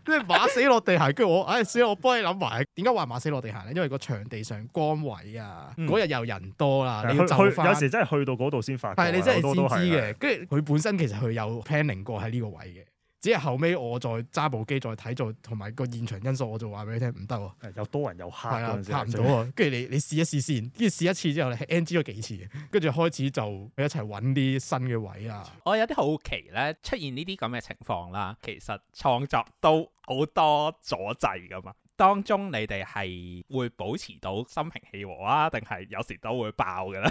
跟住馬死落地行。跟住我，唉，算啦，我幫你諗埋，點解話馬死落地行咧？因為個場地上光位啊，嗰日又人多啦，你要遷就返。有時真係去到嗰度先發覺，係你真係先知嘅。跟住佢本身其實佢有 planning 過喺呢個位嘅。只係後尾我再揸部機再睇再同埋個現場因素，我就話俾你聽唔得喎。又、啊、多人又黑，啊、拍唔到喎。跟住、啊、你你試一試先，跟住試一次之後，你 NG 咗幾次，跟住開始就一齊揾啲新嘅位啊。 我有啲好奇咧，出現呢啲咁嘅情況啦，其實創作都好多阻滯噶嘛。當中你哋係會保持到心平氣和啊，定係有時都會爆嘅咧？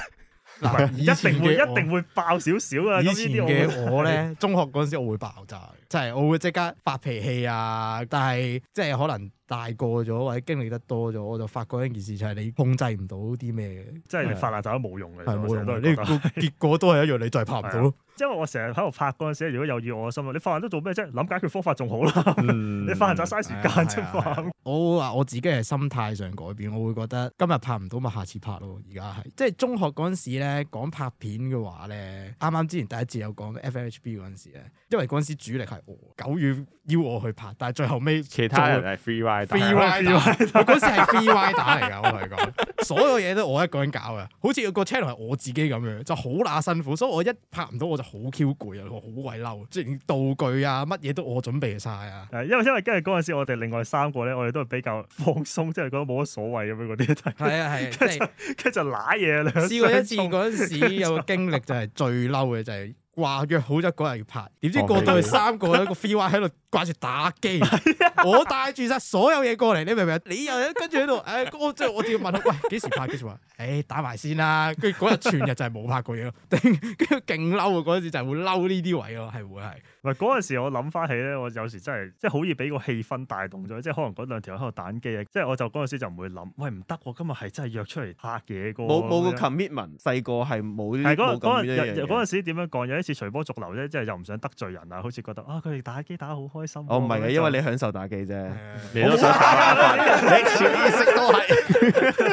嗱，一定會一定會爆少少啊！呢啲嘢我咧， 中學嗰陣時我會爆炸，即係我會即刻發脾氣啊！但係即係可能。大過咗或者經歷得多咗，我就發覺一件事就係你控制唔到啲咩嘅，即係你發爛渣的的都冇用嘅，係冇用都係呢個結果都係一樣，你再拍唔到。 因為我成日喺度拍嗰陣時，如果有意我嘅心啊，你發爛都做咩啫？諗解決方法仲好啦，嗯、 你發爛渣嘥時間啫嘛。我話我自己係心態上改變，我會覺得今日拍唔到咪下次拍咯。而家係即係中學嗰陣時咧講拍片嘅話咧，啱啱之前第一節有講 FHB 嗰陣時咧，因為嗰陣時主力係九、哦、月。要我去拍，但係最後尾其他人係 free ride。free ride，我嗰時係 free ride 打嚟㗎，我同你講，所有嘢都我一個人搞嘅，好似個 channel 係我自己咁樣，就好乸辛苦，所以我一拍唔到我就好 Q 攰啊，我好鬼嬲，即係道具啊，乜嘢都我準備晒啊。因為因為因為嗰陣時我哋另外三個咧，我哋都係比較放鬆，即係覺得冇乜所謂咁樣嗰啲。係 啊係，跟住就拉嘢。啊、 試過一次嗰陣時有個經歷就係最嬲嘅就係。話約好咗嗰日要拍，點知過到去三個咧個廢話喺度掛住打機， 我帶住晒所有嘢過嚟，你明唔明？你又跟住喺度，誒、呃，我即係我點問啊？喂，幾時拍？幾時話？誒、欸，打埋先啦、啊。跟住嗰日全日就係冇拍過嘢咯，跟住勁嬲啊！嗰陣時就係會嬲呢啲位咯，係會係。唔係嗰陣時，我諗翻起咧，我有時真係即係好易俾個氣氛帶動咗，即係可能嗰兩條喺度打機啊，即係我就嗰陣時就唔會諗，喂唔得喎，今日係真係約出嚟拍嘢個。冇冇個 commitment，細個係冇啲。係嗰嗰陣嗰陣時點樣講？有一次隨波逐流啫，即係又唔想得罪人啊，好似覺得啊，佢哋打機打得好開心。哦，唔係因為你享受打機啫，你都想打打你潛意識都係。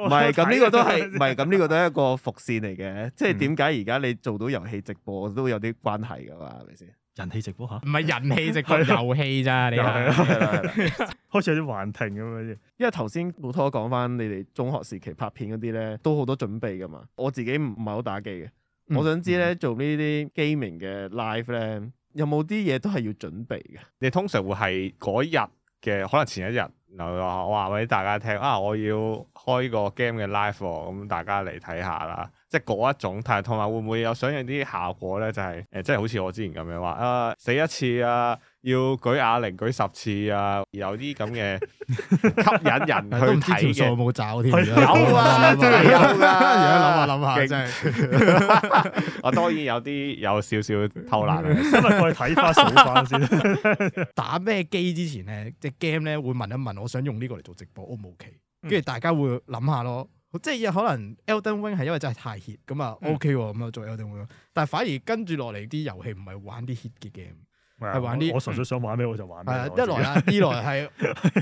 唔係咁呢個都係，唔係咁呢個都係一個伏線嚟嘅，即係點解而家你做到遊戲直播都會有啲關係噶嘛？係咪先人氣直播吓？唔係人氣直播，遊戲咋？ 啊、你係咯， 好似有啲幻聽咁樣。 因為頭先老拖講翻，你哋中學時期拍片嗰啲咧，都好多準備噶嘛。我自己唔係好打機嘅，嗯、我想知咧、嗯、做呢啲 gaming 嘅 live 咧，有冇啲嘢都係要準備嘅？你通常會係嗰日嘅，可能前一日，嗱，我話俾大家聽啊，我要開個 game 嘅 live，咁大家嚟睇下啦。即係嗰一種，但係同埋會唔會有想像啲效果咧？就係、是、誒、欸，即係好似我之前咁樣話啊、呃，死一次啊～要舉啞鈴舉十次啊！有啲咁嘅吸引人去睇嘅，我冇找添， 有啊，真係有噶。而家諗下諗下，真係。我當然有啲有少少偷懶。我哋睇翻少翻先。打咩機之前咧，即 game 咧會問一問，我想用呢個嚟做直播 O 唔 OK？跟住大家會諗下咯。即係可能《Elden Ring》係因為真係太 hit 咁、OK、啊，OK 喎，咁、嗯、就做《Elden Ring》。但係反而跟住落嚟啲遊戲唔係玩啲 hit 嘅 game。係玩啲，嗯、我純粹想玩咩我就玩咩。係啊的，一來啊，二來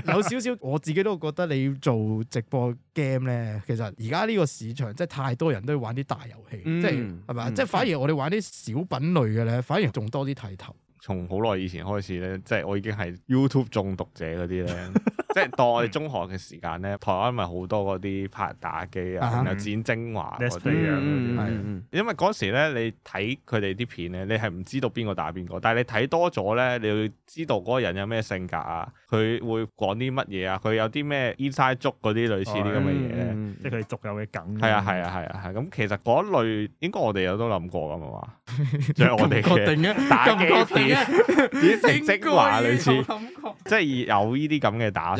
係 有少少，我自己都覺得你要做直播 game 咧，其實而家呢個市場即係太多人都要玩啲大遊戲，嗯、即係係咪啊？嗯、即係反而我哋玩啲小品類嘅咧，反而仲多啲睇頭。嗯嗯、從好耐以前開始咧，即、就、係、是、我已經係 YouTube 中毒者嗰啲咧。 即係當我哋中學嘅時間咧，台灣咪好多嗰啲拍打機啊，有剪精華嗰啲啊，係。因為嗰時咧，你睇佢哋啲片咧，你係唔知道邊個打邊個，但係你睇多咗咧，你會知道嗰個人有咩性格啊，佢會講啲乜嘢啊，佢有啲咩 inside joke 嗰啲類似啲咁嘅嘢咧，即係佢哋足有嘅梗。係啊係啊係啊係。咁其實嗰類應該我哋有都諗過噶嘛，即係我哋嘅打多機剪精華類似，即係有呢啲咁嘅打。係咯，係咯，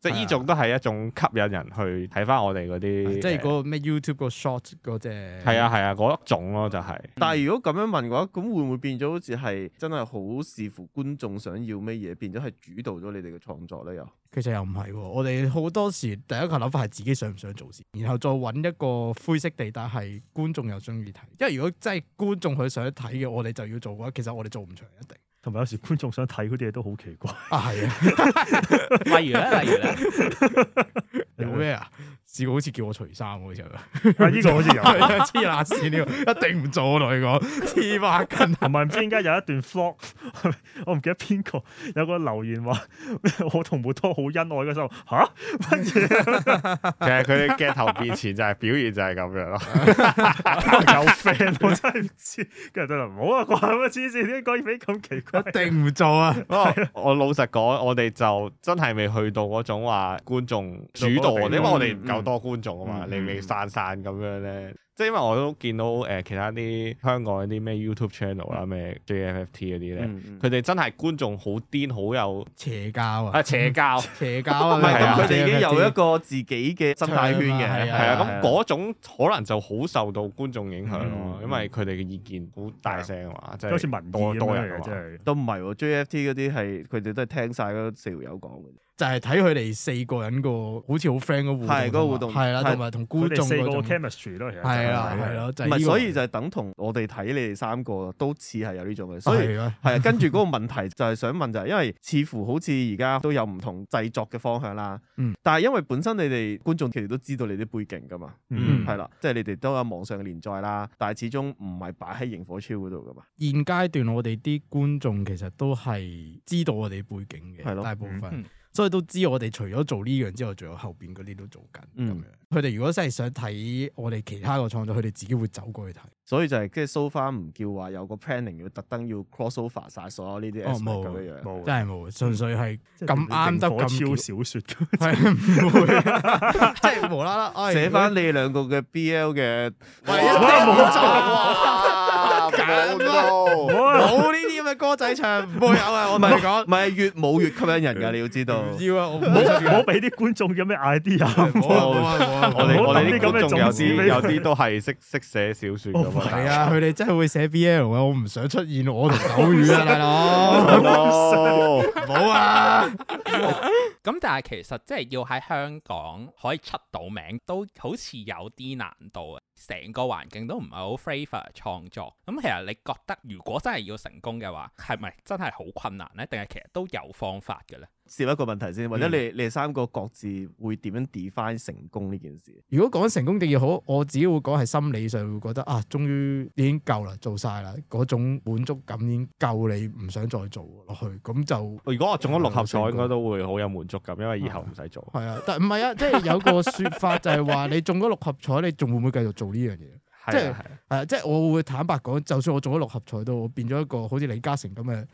即係呢種都係一種吸引人去睇翻我哋嗰啲，即係嗰個咩 YouTube 個 short 嗰隻。係啊係啊，嗰的的種咯就係、是。嗯、但係如果咁樣問嘅話，咁會唔會變咗好似係真係好視乎觀眾想要乜嘢，變咗係主導咗你哋嘅創作咧？又其實又唔係，我哋好多時第一個諗法係自己想唔想做先，然後再揾一個灰色地帶係觀眾又中意睇。因為如果真係觀眾佢想睇嘅，我哋就要做嘅話，其實我哋做唔長一定。同埋有，有時觀眾想睇嗰啲嘢都好奇怪啊，係啊，例如咧，例如咧，有咩啊？試過好似叫我除衫喎，好似啊！呢個好似有黐焫屎，呢個一定唔做，我同你講黐孖筋。同埋唔知點解有一段 vlog，我唔記得邊個有個留言話，我同 MUTO 好恩愛嗰時候，吓乜嘢？其實佢哋鏡頭面前就係表現就係咁樣咯。有 friend 我真係唔知，今日真係唔好啊！掛乜黐綫？點解變咁奇怪？一定唔做啊？我老實講，我哋就真係未去到嗰種話觀眾主導，因為我哋唔夠。多觀眾啊嘛，零零散散咁樣咧，即係因為我都見到誒其他啲香港啲咩 YouTube channel 啦，咩 JFT 嗰啲咧，佢哋真係觀眾好癲，好有邪教啊！邪教，邪教啊！唔係咁，佢哋已經有一個自己嘅生態圈嘅，係啊。咁嗰種可能就好受到觀眾影響咯，因為佢哋嘅意見好大聲啊嘛，即係好似多多人嘅，即係都唔係 JFT 嗰啲係佢哋都係聽晒嗰四條友講嘅。就係睇佢哋四個人個好似好 friend 嘅互動，嗰個互動，係啦，同埋同觀眾嗰個 chemistry 咯，其實係啦，係咯，唔係，所以就係等同我哋睇你哋三個都似係有呢種嘅，所以係啊，跟住嗰個問題就係想問，就係因為似乎好似而家都有唔同製作嘅方向啦，嗯，但係因為本身你哋觀眾其實都知道你啲背景噶嘛，嗯，係啦，即係你哋都有網上嘅連載啦，但係始終唔係擺喺營火 Chill 嗰度噶嘛。現階段我哋啲觀眾其實都係知道我哋背景嘅，係咯，大部分。所以都知我哋除咗做呢樣之外，仲有後邊嗰啲都做緊。嗯，佢哋如果真係想睇我哋其他個創作，佢哋自己會走過去睇。所以就係跟住 so far 唔叫話有個 planning 要特登要 crossover 晒所有呢啲嘢咁樣樣，真係冇，純粹係咁啱得咁超小說，係唔會，即係無啦啦寫翻你兩個嘅 BL 嘅，我冇做。冇呢啲咁嘅歌仔唱，冇有啊！我咪你講，唔係越冇越吸引人噶，你要知道。要啊，我唔好俾啲觀眾有咩 idea。我我我哋啲觀眾有啲有啲都係識識寫小說噶嘛。係啊，佢哋真係會寫 BL 啊！我唔想出現我同狗語啊，大佬。冇啊！咁但係其實即係要喺香港可以出到名，都好似有啲難度啊。成個環境都唔係好 favor 創作，咁、嗯、其實你覺得如果真係要成功嘅話，係咪真係好困難呢？定係其實都有方法嘅咧？試一個問題先，或者你、嗯、你哋三個各自會點樣 define 成功呢件事？如果講成功定要好，我自己會講係心理上會覺得啊，終於已經夠啦，做晒啦，嗰種滿足感已經夠你唔想再做落去。咁就如果我中咗六合彩，應該都會好有滿足感，嗯、因，為因為以後唔使做。係啊，啊，但唔係啊，即、就、係、是、有個説法就係話 你中咗六合彩，你仲會唔會繼續做？呢樣嘢，即係係即係，我會坦白講，就算我中咗六合彩，都變咗一個好似李嘉誠咁嘅，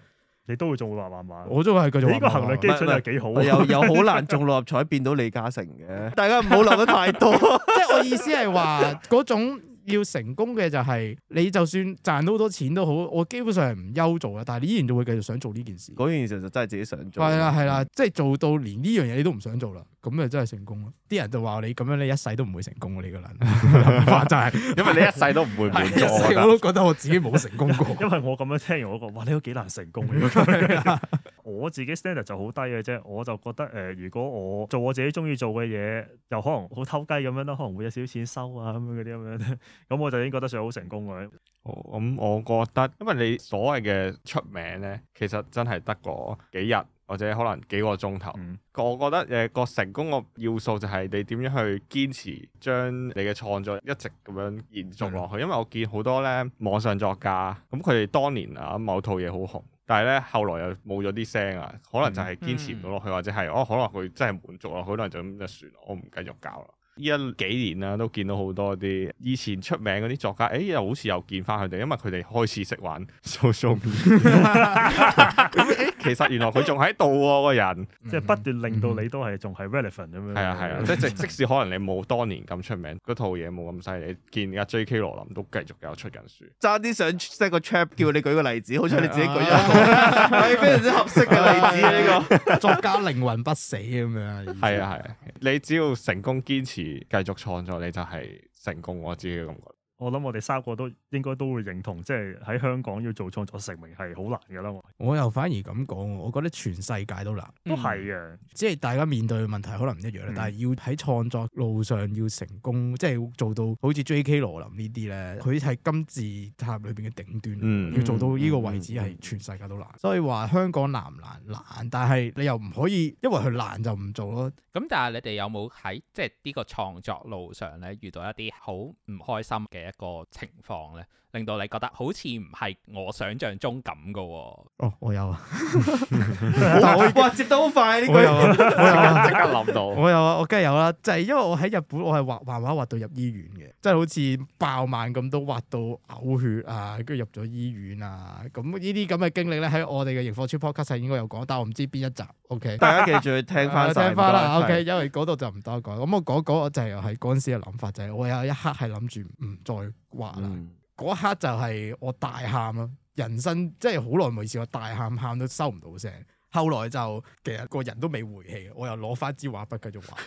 你都會中萬萬萬，我都係嗰種。呢個行量基礎係幾好，又又好難中六合彩變到李嘉誠嘅。大家唔好諗得太多，即係我意思係話嗰種。要成功嘅就係你，就算賺到好多錢都好，我基本上係唔憂做嘅，但係你依然仲會繼續想做呢件事。嗰件事就真係自己想做。係啦係啦，即係做到連呢樣嘢你都唔想做啦，咁啊真係成功啦！啲人就話你咁樣你一世都唔會成功啊！你個人話真係， 因為你一世都唔會唔做。我都覺得我自己冇成功過。 因為我咁樣聽完我講，哇！你都幾難成功 我自己 standard 就好低嘅啫，我就覺得誒、呃，如果我做我自己中意做嘅嘢，又可能好偷雞咁樣咯，可能會有少少錢收啊咁樣嗰啲咁樣，咁我就已經覺得算好成功嘅。哦，咁、嗯、我覺得，因為你所謂嘅出名呢，其實真係得個幾日或者可能幾個鐘頭。嗯、我覺得誒個、呃、成功個要素就係你點樣去堅持將你嘅創作一直咁樣延續落去，的因為我見好多呢網上作家，咁佢哋當年啊某套嘢好紅。但係咧，後來又冇咗啲聲啊，可能就係堅持唔到落去，嗯嗯、或者係哦可能佢真係滿足咯，好多人就咁就算咯，我唔繼續搞啦。依家幾年啦，都見到好多啲以前出名嗰啲作家，誒，又好似又見翻佢哋，因為佢哋開始識玩謝謝 social 其實原來佢仲喺度喎，個人，即係、嗯嗯嗯、不斷令到你都係仲係 relevant 咁、嗯、樣。係啊係啊，即即使可能你冇當年咁出名，嗰套嘢冇咁犀利，見阿 J.K. 羅琳都繼續有出緊書。差啲想 set 個 trap，叫你舉個例子，好彩你自己舉咗一,一個非常之合適嘅例子。呢個作家靈魂不死咁樣。係啊係啊，你只要成功堅持。繼續創作你，你就係、是、成功，我自己嘅感覺。我諗我哋三個都應該都會認同，即係喺香港要做創作成名係好難噶啦。我又反而咁講，我覺得全世界都難，都係嘅。即係大家面對嘅問題可能唔一樣，嗯、但係要喺創作路上要成功，即係做到好似 J.K. 羅琳呢啲呢，佢係金字塔裏邊嘅頂端，嗯、要做到呢個位置係全世界都難。嗯、所以話香港難唔難？難，但係你又唔可以，因為佢難就唔做咯。咁、嗯、但係你哋有冇喺即係呢個創作路上咧遇到一啲好唔開心嘅？一個情況咧。令到你覺得好似唔係我想象中咁嘅，哦。哦，我有啊！哇，接得好快呢個。 我有即刻諗到。我有啊，我梗係有啦。就係、是、因為我喺日本我畫，我係畫漫畫畫到入醫院嘅，即係好似爆漫咁都畫到嘔血啊，跟住入咗醫院啊。咁呢啲咁嘅經歷咧，喺我哋嘅營火 Chill podcast 應該有講，但係我唔知邊一集。O、okay? K，大家記住聽翻晒，啊。聽翻啦，O K，因為嗰度就唔多講。咁我嗰嗰就係嗰陣時嘅諗法，就係、是、我有一刻係諗住唔再畫啦。嗯嗰刻就係我大喊咯，人生即係好耐冇試過大喊，喊都收唔到聲。後來就其實個人都未回氣，我又攞返支畫筆繼續畫，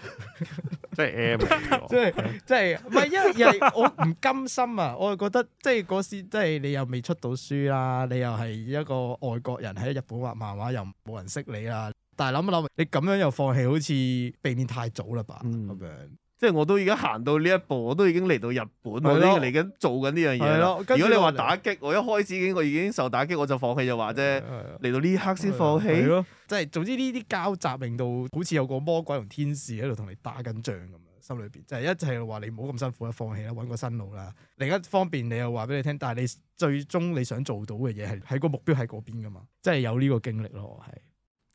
即係 m 即係即係唔係因為我唔甘心啊！ 我又覺得即係嗰時即係你又未出到書啦、啊，你又係一個外國人喺日本畫漫畫又冇人識你啦、啊。但係諗一諗，你咁樣又放棄，好似避免太早啦吧咁樣。嗯即係我都已經行到呢一步，我都已經嚟到日本，的我都係嚟緊做緊呢樣嘢。如果你話打擊，的我一開始已經我已經受打擊，我就放棄就話啫。嚟的到呢一刻先放棄，即係、就是、總之呢啲交集令到好似有個魔鬼同天使喺度同你打緊仗咁樣，心裏、就是、邊就係一就係話你唔好咁辛苦啦，就放棄啦，揾個新路啦。另一方面，你又話俾你聽，但係你最終你想做到嘅嘢係喺個目標喺嗰邊㗎嘛，即係有呢個經歷咯，係。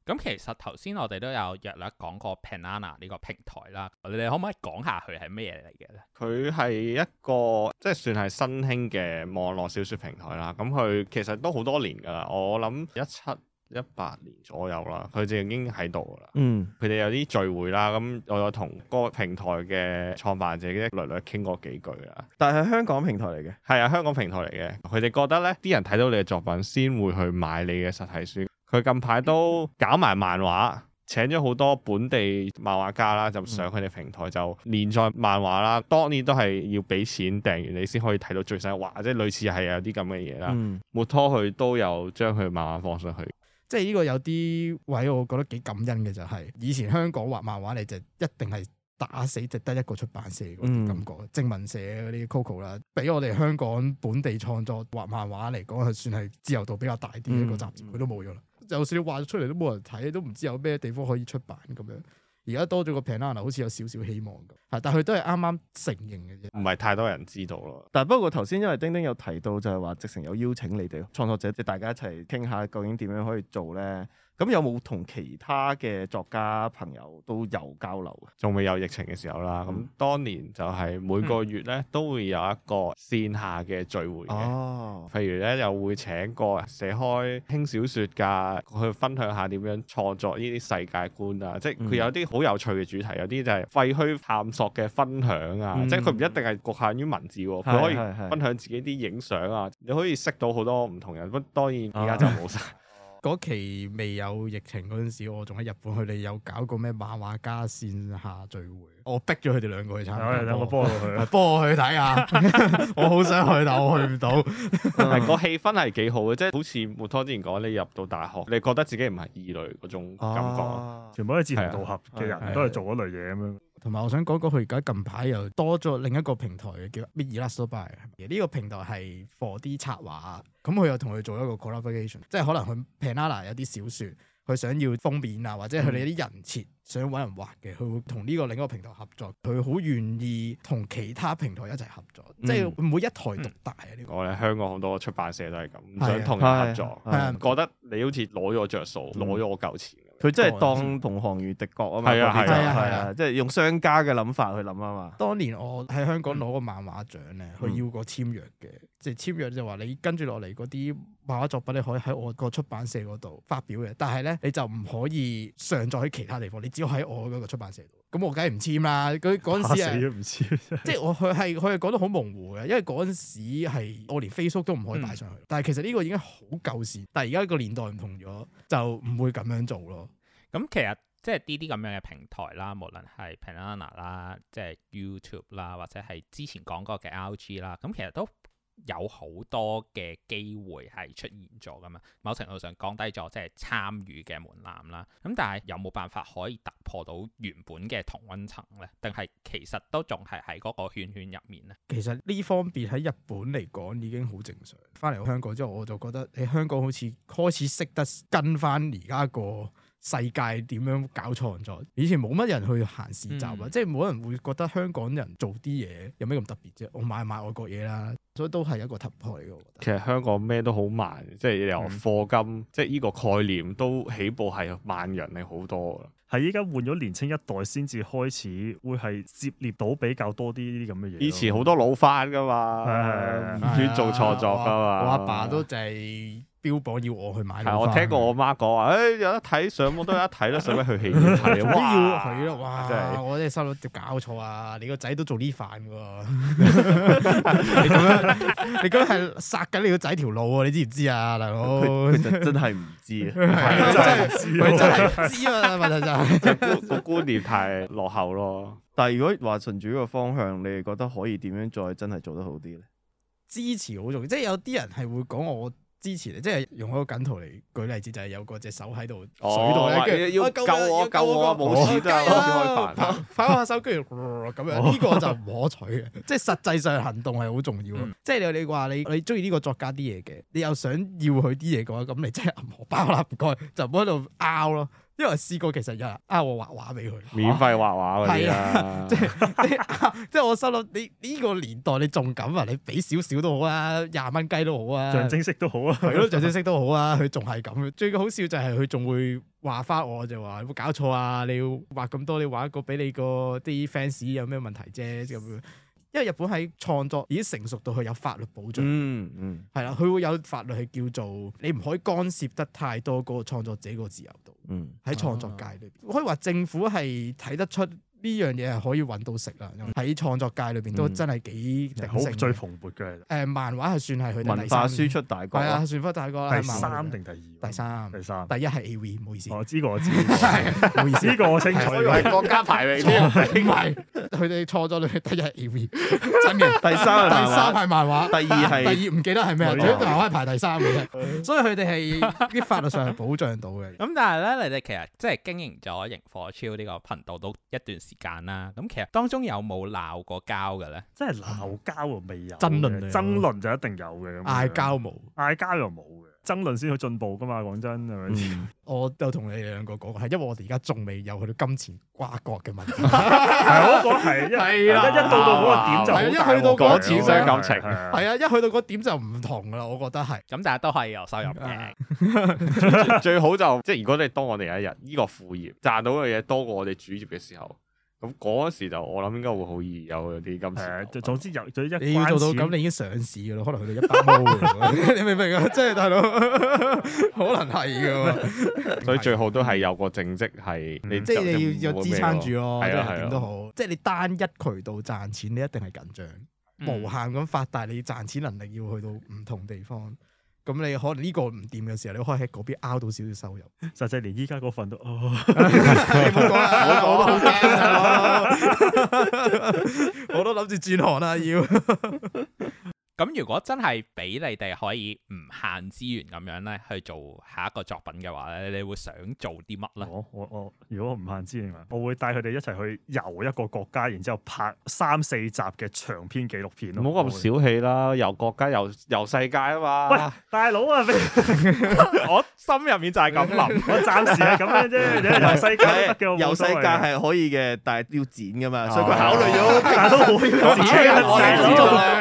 咁其實頭先我哋都有略略講過 Penana 呢個平台啦，你哋可唔可以講下佢係咩嚟嘅咧？佢係一個即係算係新興嘅網絡小說平台啦。咁佢其實都好多年噶啦，我諗一七一八年左右啦，佢哋已經喺度啦。嗯，佢哋有啲聚會啦，咁我有同嗰個平台嘅創辦者咧略略傾過幾句啦。但係香港平台嚟嘅？係啊，香港平台嚟嘅。佢哋覺得咧，啲人睇到你嘅作品先會去買你嘅實體書。佢近排都搞埋漫畫，請咗好多本地漫畫家啦，就上佢哋平台就連載漫畫啦。當年都係要俾錢訂完你先可以睇到最新嘅畫。即係類似係有啲咁嘅嘢啦。嗯、MUTO 佢都有將佢漫畫放上去，即係呢個有啲位，我覺得幾感恩嘅就係、是、以前香港畫漫畫，你就一定係打死值得一個出版社嗰啲感覺，嗯、正文社嗰啲 Coco 啦，俾我哋香港本地創作畫漫畫嚟講係算係自由度比較大啲一個、嗯、雜誌，佢都冇咗啦。就算你畫出嚟都冇人睇，都唔知有咩地方可以出版咁樣。而家多咗個 Penana，好似有少少希望咁。係，但係佢都係啱啱承認嘅嘢，唔係太多人知道咯。但係不過頭先，因為丁丁有提到就係話，直情有邀請你哋創作者，即係大家一齊傾下，究竟點樣可以做咧？咁有冇同其他嘅作家朋友都有交流？仲未有疫情嘅時候啦，咁當年就係每個月咧都會有一個線下嘅聚會嘅。哦，譬如咧又會請個寫開輕小說噶去分享下點樣創作呢啲世界觀啊，即係佢有啲好有趣嘅主題，有啲就係廢墟探索嘅分享啊，即係佢唔一定係局限於文字，佢可以分享自己啲影相啊，你可以識到好多唔同人。當然而家就冇晒。嗰期未有疫情嗰陣時，我仲喺日本去，佢哋有搞過咩漫畫家線下聚會，我逼咗佢哋兩個去參加。我幫到去，幫我去睇下。 我好想去，但我去唔到。係 個氣氛係幾好嘅，即、就、係、是、好似 MUTO 之前講，你入到大學，你覺得自己唔係異類嗰種感覺。啊、全部都係志同道合嘅人都，都係做嗰類嘢咁樣。同埋我想講講佢而家近排又多咗另一個平台嘅叫 Midler by，而呢個平台係 for 啲策劃，咁佢又同佢做一個 collaboration，即係可能佢 Penana 有啲小說，佢想要封面啊，或者佢哋啲人設想揾人畫嘅，佢會同呢個另一個平台合作，佢好願意同其他平台一齊合作，嗯、即係唔會一台獨大啊！嗯這個、呢個我哋香港好多出版社都係咁，唔想同人合作，覺得你好似攞咗着數，攞咗我舊錢。嗯佢真係當同行如敵國啊嘛，係啊係啊係啊，即係用商家嘅諗法去諗啊嘛。嗯、當年我喺香港攞個漫畫獎咧，佢、嗯、要個簽約嘅，即、就、係、是、簽約就話你跟住落嚟嗰啲。畫畫作品你可以喺我個出版社嗰度發表嘅，但係咧你就唔可以上載喺其他地方，你只要喺我嗰個出版社度。咁我梗係唔簽啦。佢嗰陣時啊，即係我佢係佢係講得好模糊嘅，因為嗰陣時係我連 Facebook 都唔可以擺上去。嗯、但係其實呢個已經好舊時，但係而家個年代唔同咗，就唔會咁樣做咯。咁其實即係啲啲咁樣嘅平台啦，無論係 Penana 啦，即係 YouTube 啦，或者係之前講過嘅 LG 啦，咁其實都，有好多嘅機會係出現咗㗎嘛，某程度上降低咗即係參與嘅門檻啦。咁但係有冇辦法可以突破到原本嘅同溫層呢？定係其實都仲係喺嗰個圈圈入面呢？其實呢方面喺日本嚟講已經好正常。翻嚟香港之後我就覺得，喺香港好似開始識得跟翻而家個世界點樣搞創作？以前冇乜人去行市集啊，嗯、即係冇人會覺得香港人做啲嘢有咩咁特別啫。我買就買外國嘢啦，所以都係一個突破嚟嘅。我覺得其實香港咩都好慢，即係由課金，嗯、即係依個概念都起步係慢人哋好多。係依家換咗年青一代先至開始，會係涉獵到比較多啲呢啲咁嘅嘢。以前好多老翻噶嘛，係係唉，佢、嗯啊、做錯咗噶嘛。我阿爸都就係、是。標榜要我去買，我聽過我媽講話，誒、哎、有得睇上網我都有得睇啦，使乜去戲院睇啊？要去啦，哇！真、就係、我真係心諗條搞錯啊！你個仔都做呢飯喎，你點樣？你咁係殺緊你個仔條路啊？你知唔知啊？大佬真係唔知 啊，真係唔知啊，真係唔知啊！問題就係個觀念太落後咯。 但係如果話順住呢個方向，你哋覺得可以點樣再真係做得好啲咧？支持好重要，即係有啲人係會講我。我支持你，即係用嗰個梗圖嚟舉例子，就係、是、有個隻手喺度水度咧，跟住、哦、要救我，啊、救我要救我，冇錢啦、啊，拍、啊、下手，跟住咁樣，呢、這個就唔可取嘅。即係實際上行動係好重要。嗯、即係你你話你你鍾意呢個作家啲嘢嘅，你又想要佢啲嘢嘅，咁你真係郁荷包啦，唔該，就唔好喺度拗咯。因為我試過，其實有人啊，我畫畫俾佢，免費畫畫嗰啲啊，即係 即係我心諗，你呢、呢個年代你仲咁啊？你俾少少都好啊，廿蚊雞都好啊，象徵式都好啊，係咯，象徵式都好啊，佢仲係咁。最好笑就係佢仲會話翻我就話，有冇搞錯啊？你要畫咁多，你畫一個俾你個啲 fans 有咩問題啫，啊？咁，就係咁樣。因為日本喺創作已經成熟到佢有法律保障，係啦、嗯，佢、嗯、會有法律係叫做你唔可以干涉得太多個創作者個自由度，喺、嗯、創作界裏邊我、啊、可以話政府係睇得出。呢樣嘢係可以揾到食啦，喺創作界裏邊都真係幾鼎盛最蓬勃嘅。誒，漫畫係算係佢哋文化輸出大國，係啊，輸出大哥啦。第三定第二？第三。第三。第一係 A.V.，唔好意思。我知，我知。唔好意思，我清楚。所以國家排名，國家排名，佢哋錯咗裏邊第一 A.V.，真嘅。第三第三係漫畫，第二係。第二唔記得係咩啦？漫畫係排第三嘅啫，所以佢哋係啲法律上係保障到嘅。咁但係咧，你哋其實即係經營咗《營火 Chill》呢個頻道都一段時間啦，咁其實當中有冇鬧過交嘅咧？即係鬧交啊，未有爭論，爭論就一定有嘅。嗌交冇，嗌交又冇嘅，爭論先去進步噶嘛？講真係咪先？我就同你哋兩個講過係，因為我哋而家仲未有去到金錢瓜葛嘅問題，係咯，係係啦，一到到嗰個點就一去到嗰錢傷感情，係啊，一去到嗰點就唔同㗎啦。我覺得係咁，但係都係有收入嘅，最好就即係如果你當我哋有一日呢個副業賺到嘅嘢多過我哋主業嘅時候。咁嗰時就我諗應該會好易有啲金錢。誒，總之有，總之你要做到咁，你已經上市噶啦，可能去到一百萬。 你明唔明啊？即係大佬，可能係噶嘛。所以最好都係有個正職係你，即係、嗯、你要有支撐住咯。係啊我，係都好。的即係你單一渠道賺錢，你一定係緊張，嗯、無限咁發達，你賺錢能力要去到唔同地方。咁你可能呢個唔掂嘅時候，你可以喺嗰邊撓到少少收入。實際連依家嗰份都，哦，我都好嘅， 我都諗住轉行啦、啊、要。 咁如果真係俾你哋可以唔限資源咁樣咧，去做下一個作品嘅話咧，你會想做啲乜咧？我我我，如果唔限資源，我會帶佢哋一齊去遊一個國家，然之後拍三四集嘅長篇紀錄片咯。唔好咁小氣啦，遊國家遊遊世界啊嘛！喂，大佬啊，我心入面就係咁諗，我暫時係咁樣啫，遊世界得，遊世界係可以嘅，但係要剪噶嘛，所以佢考慮咗，但係都冇。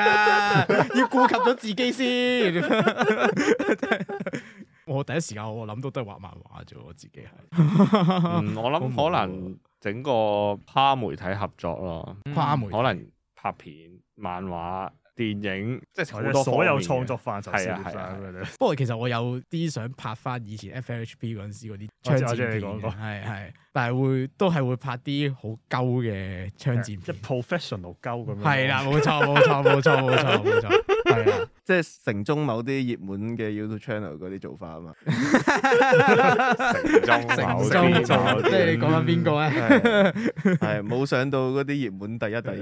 顧及咗自己先， 我第一時間我諗都都係畫漫畫啫，我自己係、 嗯，我諗可能整個跨媒體合作咯，跨媒體、嗯、可能拍片、漫畫、電影，即係好多所有創作範疇涉獵晒咁樣。不過其實我有啲想拍翻以前 F H P 嗰陣時嗰啲槍戰片，係係、那個。但係會都係會拍啲好鳩嘅槍戰，即係 professional 鳩咁樣。 係啦，冇錯冇錯冇錯冇錯冇錯，係啊，即係城中某啲熱門嘅 YouTube channel 嗰啲做法啊嘛。城中某邊？即係你講緊邊個咧？係冇上到嗰啲熱門第一、第二的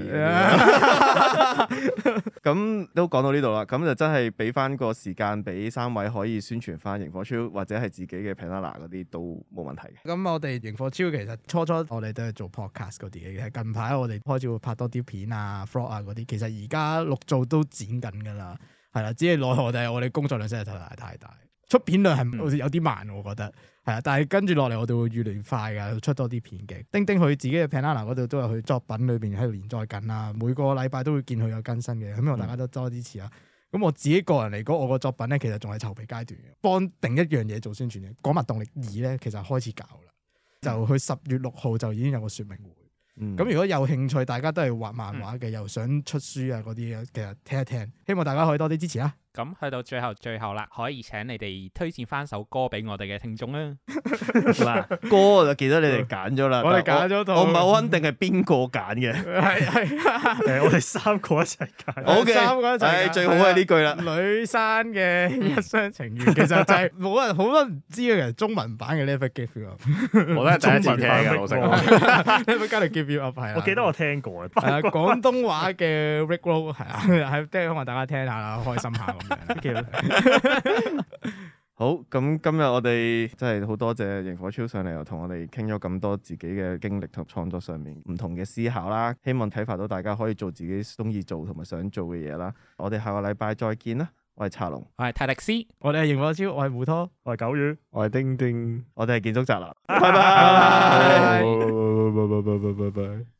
的。咁 都講到呢度啦，咁就真係俾翻個時間俾三位可以宣傳翻營火 Chill 或者係自己嘅 Penana 啲都冇問題。嘅，咁我哋螢火其實初初我哋都係做 podcast 嗰啲嘅，近排我哋開始會拍多啲片啊、vlog 啊嗰啲。其實而家錄做都剪緊噶啦，係啦，只係奈何就係我哋工作量真係太大太大，出片量係好似有啲慢我覺得係啦。但係跟住落嚟，我哋會越嚟越快噶，出多啲片嘅。丁丁佢自己嘅 Penana 嗰度都有佢作品裏邊喺度連載緊啊，每個禮拜都會見佢有更新嘅。咁希望大家都多支持啊。咁、嗯、我自己個人嚟講，我個作品咧其實仲係籌備階段，嘅。幫定一樣嘢做宣傳嘅《港漫動力二》咧，其實開始搞啦。就去十月六號就已經有個說明會，咁、嗯、如果有興趣，大家都係畫漫畫嘅，嗯、又想出書啊啲嘅，其實聽一聽，希望大家可以多啲支持啊！咁去到最後最後啦，可以請你哋推薦翻首歌俾我哋嘅聽眾啦。嗱，歌我就記得你哋揀咗啦，我哋揀咗，我唔係好肯定係邊個揀嘅？係係，誒，我哋三個一齊揀。好嘅，三個一齊。誒，最好係呢句啦，呂珊嘅《一廂情願》。其實就係冇人，好多人唔知嘅，其實中文版嘅《Never Give Up》我都係第一次聽嘅，老實講，《Never Gonna Give You Up》係。我記得我聽過嘅，誒，廣東話嘅《Rick Roll》，係啊，喺聽下，大家聽下啦，開心下。 好咁、嗯，今日我哋真係好多謝營火 Chill 上嚟，又同我哋傾咗咁多自己嘅經歷同創作上面唔同嘅思考啦。希望啟發到大家可以做自己中意做同埋想做嘅嘢啦。我哋下個禮拜再見啦。我係茶龍，我係泰迪斯，我哋係營火 Chill，我係 MUTO，我係狗魚，我係丁丁，我哋係建築宅男。啊、拜拜。拜拜